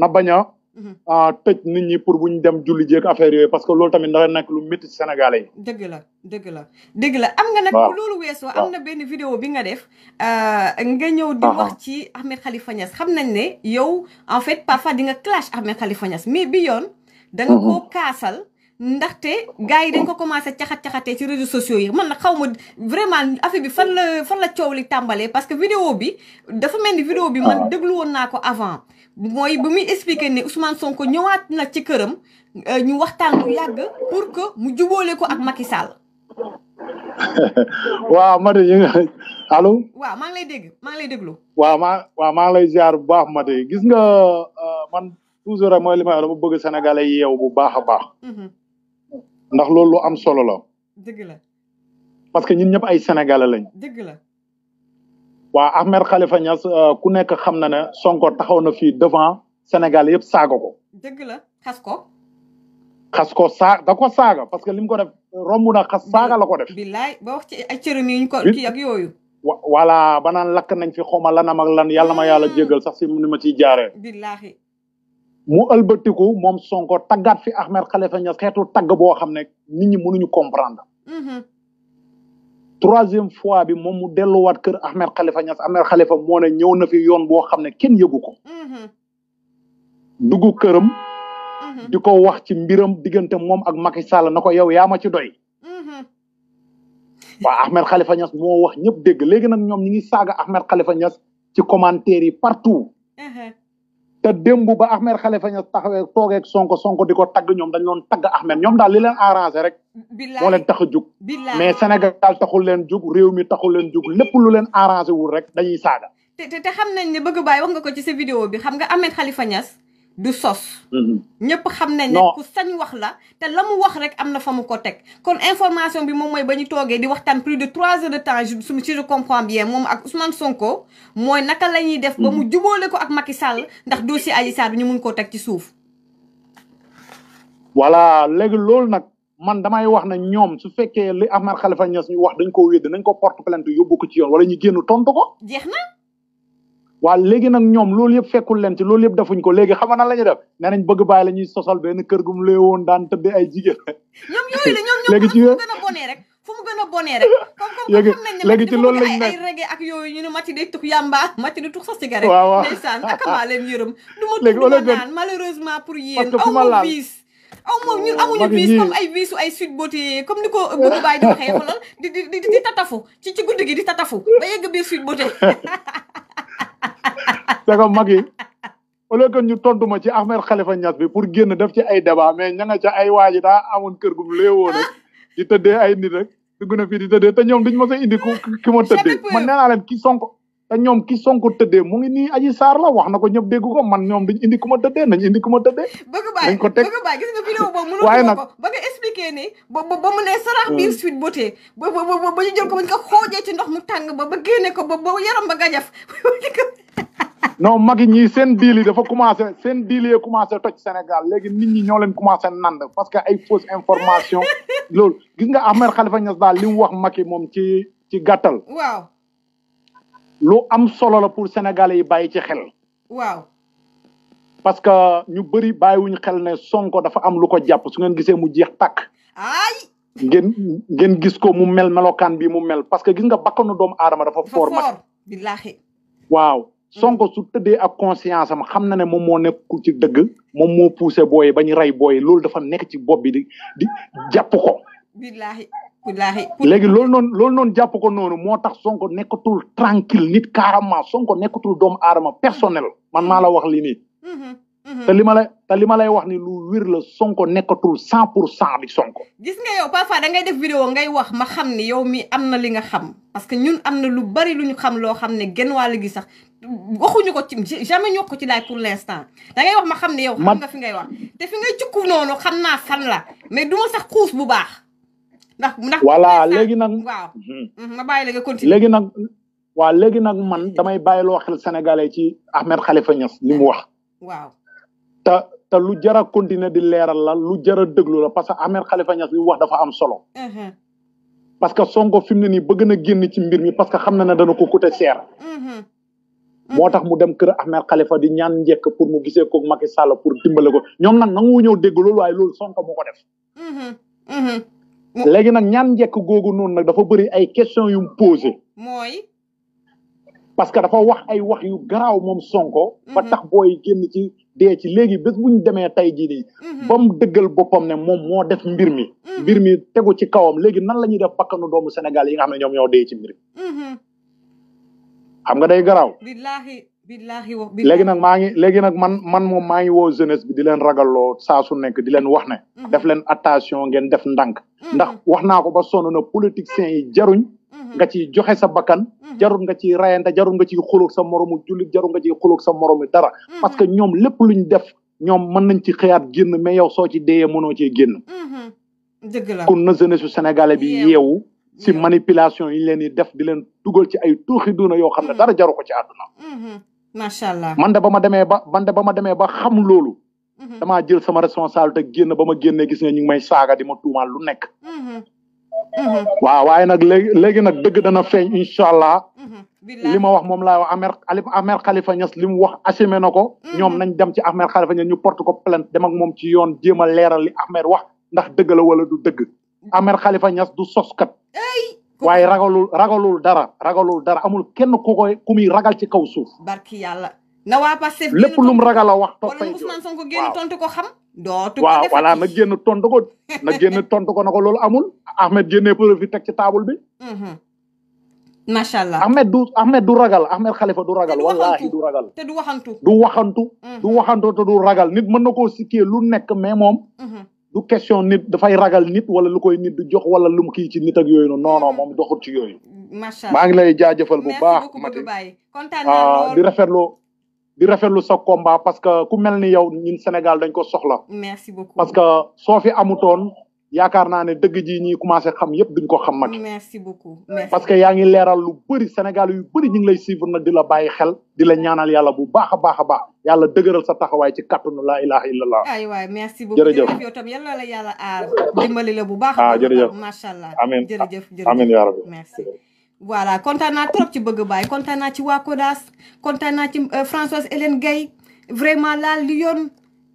na bañ a Mhm. tëj nit ñi pour bu ñu dem julli jéeg affaire yooyu parce que loolu tamit dafa nekk lu métti ci Sénégalais yi. dëgg la dëgg la dëgg la am nga nag. waaw loolu weesoo am na benn vidéo bi nga def. Euh, nga ñëw di wax ci Ahmed Khalifa Niass xam nañ ne yow en fait parfois di nga clash Ahmed Khalifa Niass mais bi yoon. da nga mhm. kaasal. ndaxte gars yi dañ ko commencé caxat caxatee ci réseaux sociaux yi man na xaw ma vraiment affaire bi fan la fan la coow li tàmbalee parce que vidéo bi dafa mel ni vidéo bi déglu woon naa ko avant. mooy ba muy expliqué ne Ousmane Sonko ñëwaat na ci këram euh, ñu waxtaan bu pour que mu jubóole ko ak Macky Sall. waaw Mate yi nga allo. waaw maa ngi lay dégg maa ngi lay déglu. waaw maa waaw maa ngi lay ziar bu baax Mate gis nga euh, man toujours rek mooy li may wax dama bëgg Sénégalais yi yeew bu baax a baax. Mm-hmm. ndax loolu lu am solo la. dëgg la. parce que ñun ñëpp ay Sénégalais lañ. dëgg la. waa Ahmed Khalifa Niass euh, ku nekk xam na ne Sonko taxaw na fii devant Sénégal yëpp saaga ko. dëgg la xas ko. xas ko saa ko saaga parce que li ko def romb na xas saaga la ko def. billaay ba wax ci ay cërëm yi ñu ko kii ak ba naan lakk nañ fi xawma lanam ak lan yàlla ma yàlla ah. jéggal sax si ni ma ciy jaaree. billaahi. mu ëlbatiku moom Sonko taggaat fi Ahmed Khalifa Niass xeetu tagg boo xam ne nit ñi mënuñu comprendre. Mhm. troisième fois bi moom mu delluwaat kër Ahmed Khalifa Niass Ahmed Khalifa moo ne na fi yoon boo xam ne kenn yëgu ko mm-hmm. dugg këram mm-hmm. di ko wax ci mbiram diggante moom ak Macky Sall na ko yow yaa ma ci doy mm-hmm. wa Ahmed Khalifa Niass moo wax ñëpp dégg léegi nag ñoom ñi ngi saaga Ahmed Khalifa Niass ci commentaire yi partout te démb ba Ahmed Khalifa Niass taxawee tooge Sonko Sonko di ko tagg ñoom dañ ñoon tagg Ahmed ñoom daal li leen arrangé rek moo leen tax a jug mais Sénégal taxul leen jug réew mi taxu leen jug lépp lu leen arrangé wul rek dañuy saaga te te xam nañ ne bëgg bàyyi wax nga ko ci sa vidéo bi xam nga Ahmed Khalifa Niass du sos mm-hmm. ñëpp xam nañ ne ku sañ wax la te la mu wax rek am na fa mu ko teg kon information bi moom mooy ba ñu toogee di waxtaan plus de trois heures de temps si je comprends bien moom ak Ousmane Sonko mooy naka la ñuy def ba mu mm-hmm. jubóole ko ak Macky Sall ndax dossier Adji Sarr bi ñu mun koo teg ci suuf voilà léegi loolu nag man damay wax ne ñoom su fekkee li Ahmed Khalifa Niass ñu wax dañ ko wédd nañ ko porte plainte yóbbu ko ci yoon wala ñu génn tontu ko. jeex na. waa léegi nag ñoom loolu yëpp fekkul leen ci loolu yëpp defuñ ko léegi xam na la ñuy def nee nañ bëgg bàyyi la ñuy sosal benn kër gu mu lay woon daan tëddee ay jigéen. ñoom yooyu la ñoom ñoom fu mu gën a bonee rek fu mu gën a ci loolu lañ ne ay reggae ak yooyu ñu ne Maty day tux yamba. Maty di tux sa cigarette. waaw waaw ndeysaan ak maa leen yërëm. léegi au lieu de du ma tux naan malheureusement pour ma bis aw moom ñun oh, ay viisu ay sud beauté comme ni ko Goudou Baye di di di tatafu ci ci guddi gi di tatafu ba yegg biir sud beauté. c'est que mag yi au lieu que ñu tontu ma ci Ahmed Khalifa Niass bi pour génn def ci ay débat mais ña nga ca ay waa ji daa kër gu mu léewoo di tëddee ay nit rek dugg na fii di tëddee te ñoom duñ ma sa indi ku ki ma tëddee leen ki Sonko te ñoom ki Sonko tëddee mu ngi ni Adji Sarr la wax na ko ñëpp dégg ko man ñoom dañ indi ku ma tëddee nañ indi ku ma ko bëgg baay waaye nag ba nga expliqué ne ba ba mu ne sarax biir mm. suite beauté ba ba ba ko ba ñu ko xoojee ci ndox mu tàng ba ba génne ko ba ba yaram ba gajaf non magi ñii seen diil yi dafa commencé seen diil yi commencé toj Sénégal léegi nit ñi ñoo leen commencé nand parce que ay fausse information loolu gis nga Ahmed Khalifa Niass daal li mu wax Macky moom ci ci gàttal waaw lu am solo la pour sénégalais yi bàyyi ci xel. waaw. parce que ñu bëri bàyyiwuñu xel ne sonko dafa am lu ko jàpp su ngeen gisee mu jeex takk ay ngeen ngeen gis ko mu mel melokaan bi mu mel parce que gis nga bakkanu doomu aadama dafa. foor mag billaahi waaw mm. sonko su tëddee ak conscience am xam na ne moom moo nekkul ci dëgg moom moo poussé booy ba ñu rey booy loolu dafa nekk ci bopp bi di di jàpp ko. billaahi léegi loolu noon loolu noonu jàpp ko noonu moo tax Sonko nekkatul tranquille nit carrément Sonko nekkatul doomu aadama personnel man maa la wax li nii mhm, mhm. te li ma la li ma lay wax ni lu wér la Sonko nekkatul cent pour cent bi Sonko gis nga yow parfois da ngay def vidéo ngay wax ma xam ni yow mi am na li nga xam parce que ñun am na lu bari lu ñu xam loo xam ne genn wàll gi sax waxuñu ko ci jamais ñoo ko ci laaj pour l'instant da ngay wax ma xam ne yow xam nga fi ngay wax te fi ngay cukku noonu xam naa la mais du ma sax bu baax ndax voilà léegi nag waaw mhm. Mhm, ma léegi nag waaw léegi nag man mhm. damay bàyyiloo xel sénégalais ci Ahmed xalifa Niass li mu wax waaw te te lu jar a continuer di leeral la lu jar a déglu la parce que Ahmed Khalifa Niass li wax dafa am solo parce que Sonko fi mu ne nii bëgg na génn ci mbir mi parce que xam na ne dana ko coûter cher moo tax mu dem kër Ahmed Khalifa di ñaan njekk pour mu gisee ko Macky Sall pour dimbale ko ñoom nag nangu ñëw dégg loolu waaye loolu Sonko mu ko léegi nag ñaan njekk googu noonu nag dafa bëri ay question yu mu parce que dafa wax ay wax yu garaaw moom Sonko. ba mm-hmm. tax booy génn ci dee ci léegi bés bu demee tey jii nii. Mm-hmm. ba dëggal boppam ne moom moo def mbir mi. Mm-hmm. mbir mi tegu ci kawam léegi nan la ñuy def bakkanu doomu Sénégal yi nga xam ne ñoom ñoo dee ci mbir xam nga day garaw léegi nag maa ngi léegi nag man man moom maa ngi woo jeunesse bi di leen ragalloo saa su nekk di leen wax ne. Mhm. def leen attention ngeen def ndànk. Mhm. ndax wax naa ko ba sonn na politiciens yi jaruñ. Mhm. nga ciy joxe sa bakkan. jarul nga ciy rayante jarul nga ciy xuloog sa moromu jullit jarul nga ciy xuloog sa moromu dara. parce que ñoom lépp luñ def ñoom mën nañ ci xëyaat génn mais yow soo ci deeyee mënoo cee génn. dëgg la kon na jeunesse su sénégalais bi yeewu. si manipulation yi leen di def di leen dugal ci ay tuuxi duuna yoo xam ne dara jaru ko ci àdduna. macha allah man de ba ma demee ba man ba ma demee ba xam loolu. Mhm. damaa jël sama responsabilité génn ba ma génnee gis nga ñu ngi may saaga di ma tuumaal lu nekk. Mhm. Mhm. waaw waaye nag léegi léegi nag dëgg dana feeñ incha allah. li ma wax moom laa wax Amer Amer Khalifa Niass li mu wax assumé na ko. ñoom nañ dem ci Amer Khalifa Niass ñu porte ko plainte dem ak moom ci yoon jéem a leeral li Amer wax ndax dëgg la wala du dëgg. Amer xalifa Niass du soskat. waaye ragalul ragalul dara ragalul dara amul kenn ku koy ku ragal ci kaw suuf. barki yàlla na waa Pastef lépp lu mu ragal a wax. toppay jóg Ousmane Sonko ko xam. dootu ko waaw voilà na génn tontu ko na génn tontu ko na ko loolu amul. Ahmed génnee preuve teg ci table bi. Mm-hmm. macha allah Ahmed du du ragal Ahmed Khalifa du ragal. wallahi du ragal du waxantu. du waxantu. Mm-hmm. du ragal nit mën na koo sikkee lu nekk mais moom. Mm-hmm. du question nit dafay ragal nit wala lu koy nit du jox wala lu mu kii ci nit ak yooyu no non non moom doxul ci yooyu. macha allah maa ngi lay jaajëfal bu baax. Mati ah, di rafetlu di rafetlu sa parce que ku mel ni yow ñun Sénégal dañ ko soxla. merci parce que soo fi amutoon. yaakaar naa ne dëgg ji ñuy commencé xam yëpp duñ ko xam mag merci beaucoup parce que yaa ngi leeral lu bëri Sénégal yu bëri ñu lay suivre nag di la bàyyi xel di la ñaanal yàlla bu baax a baax a baax yàlla dëgëral sa taxawaay ci kàttanu laa ilaha illallah ay waay merci beaucoup jërëjëf yow tam yàlla la yàlla aar dimbali la bu baax ah jërëjëf macha allah amiin kontaan naa trop ci bëgg baay kontaan naa ci waa Kodas kontaan naa ci euh, Françoise Hélène Gaye vraiment laa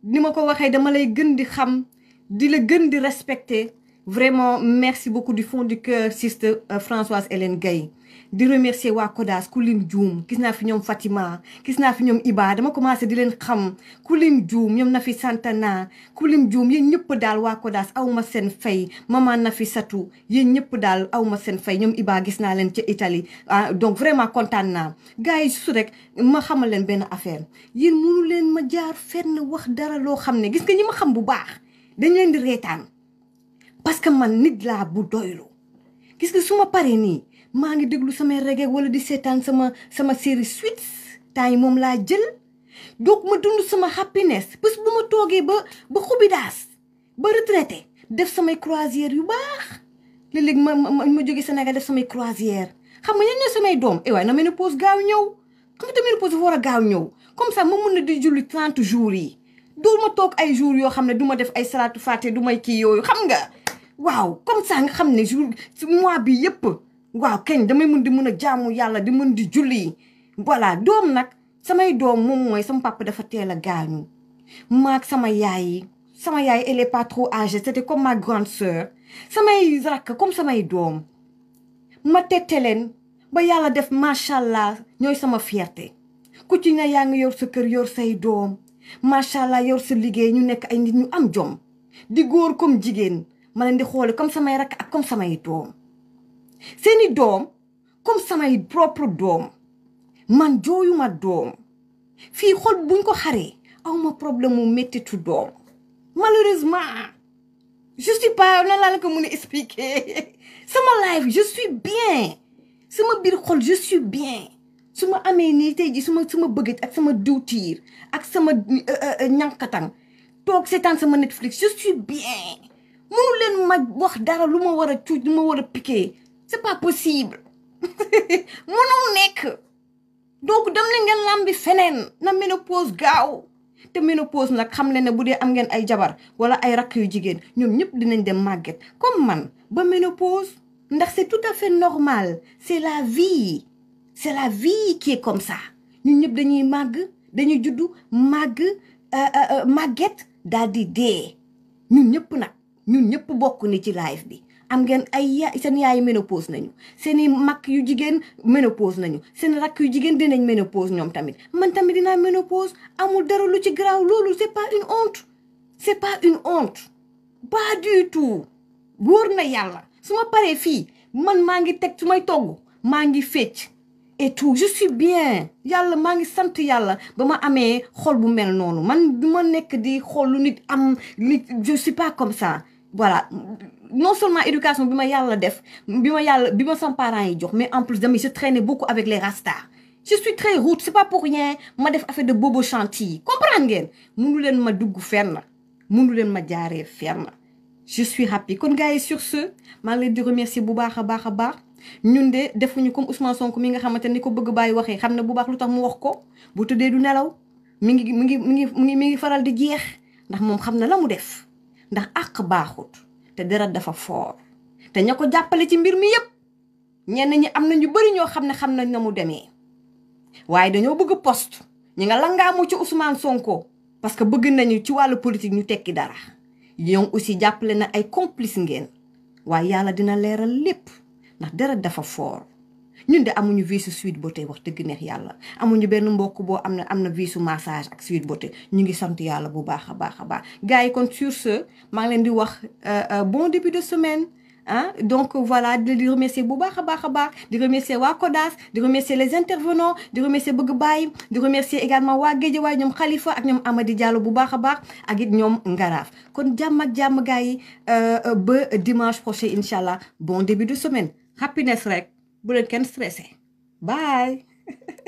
ni ma ko waxee dama lay gën di xam di la gën di respecter vraiment merci beaucoup du fond du cœur sister euh, Françoise Hélène Gaye di remercier waa Kodas ku lim juum gis naa fi ñoom Fatima gis naa fi ñoom Iba dama commencé di leen xam ku lim juum ñoom Nafi Santana ku lim juum yéen ñëpp daal waa Kodas aw ma seen fay na fi Satou yéen ñëpp daal aw ma seen fay ñoom Iba gis naa leen ci Italie ah donc vraiment kontaan naa gars yi su rek ma xamal leen benn affaire yéen mënu leen ma jaar fenn wax dara loo xam ne gis nga ñi ma xam bu baax. dañ leen di reetaan parce que man nit laa bu doylu gis nga su ma paree nii maa ngi déglu samay reggae wala di seetaan sama sama série suite temps yi moom laa jël donc ma dund sama happiness parce que bu ma toogee ba ba xubidaas ba retraité def samay croisière yu baax léeg-léeg ma ma ma jógee Sénégal def samay croisière xam nga ñan ñoo samay doom eh waay na ménopause gaaw ñëw xam nga te ménopause dafa war gaaw ñëw comme ça ma mun na di jul 30 jours yi. du ma toog ay jours yoo xam ne duma def ay salatu fàtte du may kii yooyu xam nga waaw comme ça nga xam ne jour si mois bi yëpp waaw kañ damay mën di mën a jaamu yàlla di mën di julli voilà doom nag samay doom moom mooy sama papa dafa teel a gaañu maag sama yaay yi sama yaay elle est pas trop âgée c'était comme ma grande sœur samay rakk comme samay doom ma tette leen ba yàlla def macha allah ñooy sama fierté ku ci ne yaa ngi yor sa kër yor say doom macha allah yor su liggéey ñu nekk ay nit ñu am jom di góor comme jigéen ma leen di xoole comme samay rakk ak comme samay doom seeni doom comme samay propre doom man jooyuma doom fii xol buñ ko xaree awma problème mu méttitu doom malheureusement je suis pas nan laa la ko mu a expliquer sama life je suis bien sama biir xol je suis bien su ma amee nii tey ji su ma su bëggee ak sama diwtiir ak sama euh, euh, euh, ñankatang toog seetaan sama Netflix je suis bien mënu leen ma wax dara lu ma war a cuuj lu ma war a piqué c'est pas possible mënul nekk donc dem na ngeen làmbi feneen na ménopause gaaw te ménopause nag xam leen ne bu dee am ngeen ay jabar wala ay rakk yu jigéen ñoom ñëpp dinañ dem màgget comme man ba ménopause ndax c'est tout à fait normal c'est la vie c'est la vie qui est comme ça ñun ñëpp dañuy màgg dañuy juddu màgg euh, euh, euh, màgget daal di dee ñun ñëpp nag ñu ñëpp bokk ni ci live bi am gen ay ya seen yaay ménopause nañu seen i mag yu jigéen ménopause nañu seen rakk yu jigéen dinañ ménopause ñoom tamit man tamit dinaa ménopause amul dara lu ci garaaw loolu c'est pas une honte c'est pas une honte pas du tout wóor na yàlla su ma paree fii man maa ngi teg su may togg maa ngi fecc et tout je suis bien yàlla maa ngi sant yàlla ba ma amee xol bu mel noonu man ma nekk di xool lu nit am nit je suis pas comme sa voilà non seulement éducation bi ma yàlla def bi ma yàlla bi ma sama parents yi jox mais en plus dama je traînais beaucoup avec les rastas je suis très rude c'est pas pour rien ma def affaire de bobo chantier yi comprendre ngeen munu leen ma dugg fenn munu leen ma jaaree fenn je suis happy kon gars sur ce maa ngi leen di remercier bu baax a baax a baax ñun de defuñu comme Ousmane Sonko mi nga xamante ni ko bëgg bàyyi waxee xam ne bu baax lu tax mu wax ko bu tëddee du nelaw mi ngi mi ngi mi ngi mi ngi mi ngi faral di jeex ndax moom xam na la mu def ndax àq baaxut te dara dafa foor te ña ko jàppale ci mbir mi yëpp ñenn ñi am na ñu bëri ñoo xam ne xam nañ na mu demee waaye dañoo bëgg post ñi nga langaamu ci Ousmane Sonko parce que bëgg nañu ci wàllu politique ñu tekki dara ñoom aussi jàppale na ay complice ngeen waaye yàlla dina leeral lépp. ndax deret dafa foor ñun de amuñu vie su Sweet wax dëgg neex yàlla amuñu benn mbokk boo am na am na vie massage ak Sweet Beauté ñu ngi sant yàlla bu baax a baax a baax gars yi kon sur ce maa ngi leen di wax euh, euh, bon début de semaine ah donc voilà di remercier bu baax a baax a baax di remercier waa CODAS di remercier les intervenants di remercier Bëgg Baay di remercier également waa waaye ñoom Khalifa ak ñoom Amady Diallo bu baax a baax ak ñoom Ngaraaf kon jàmm ak jàmm gars yi euh, ba dimanche prochain incha allah bon début de semaine. happiness rek bu leen kenn stressé bye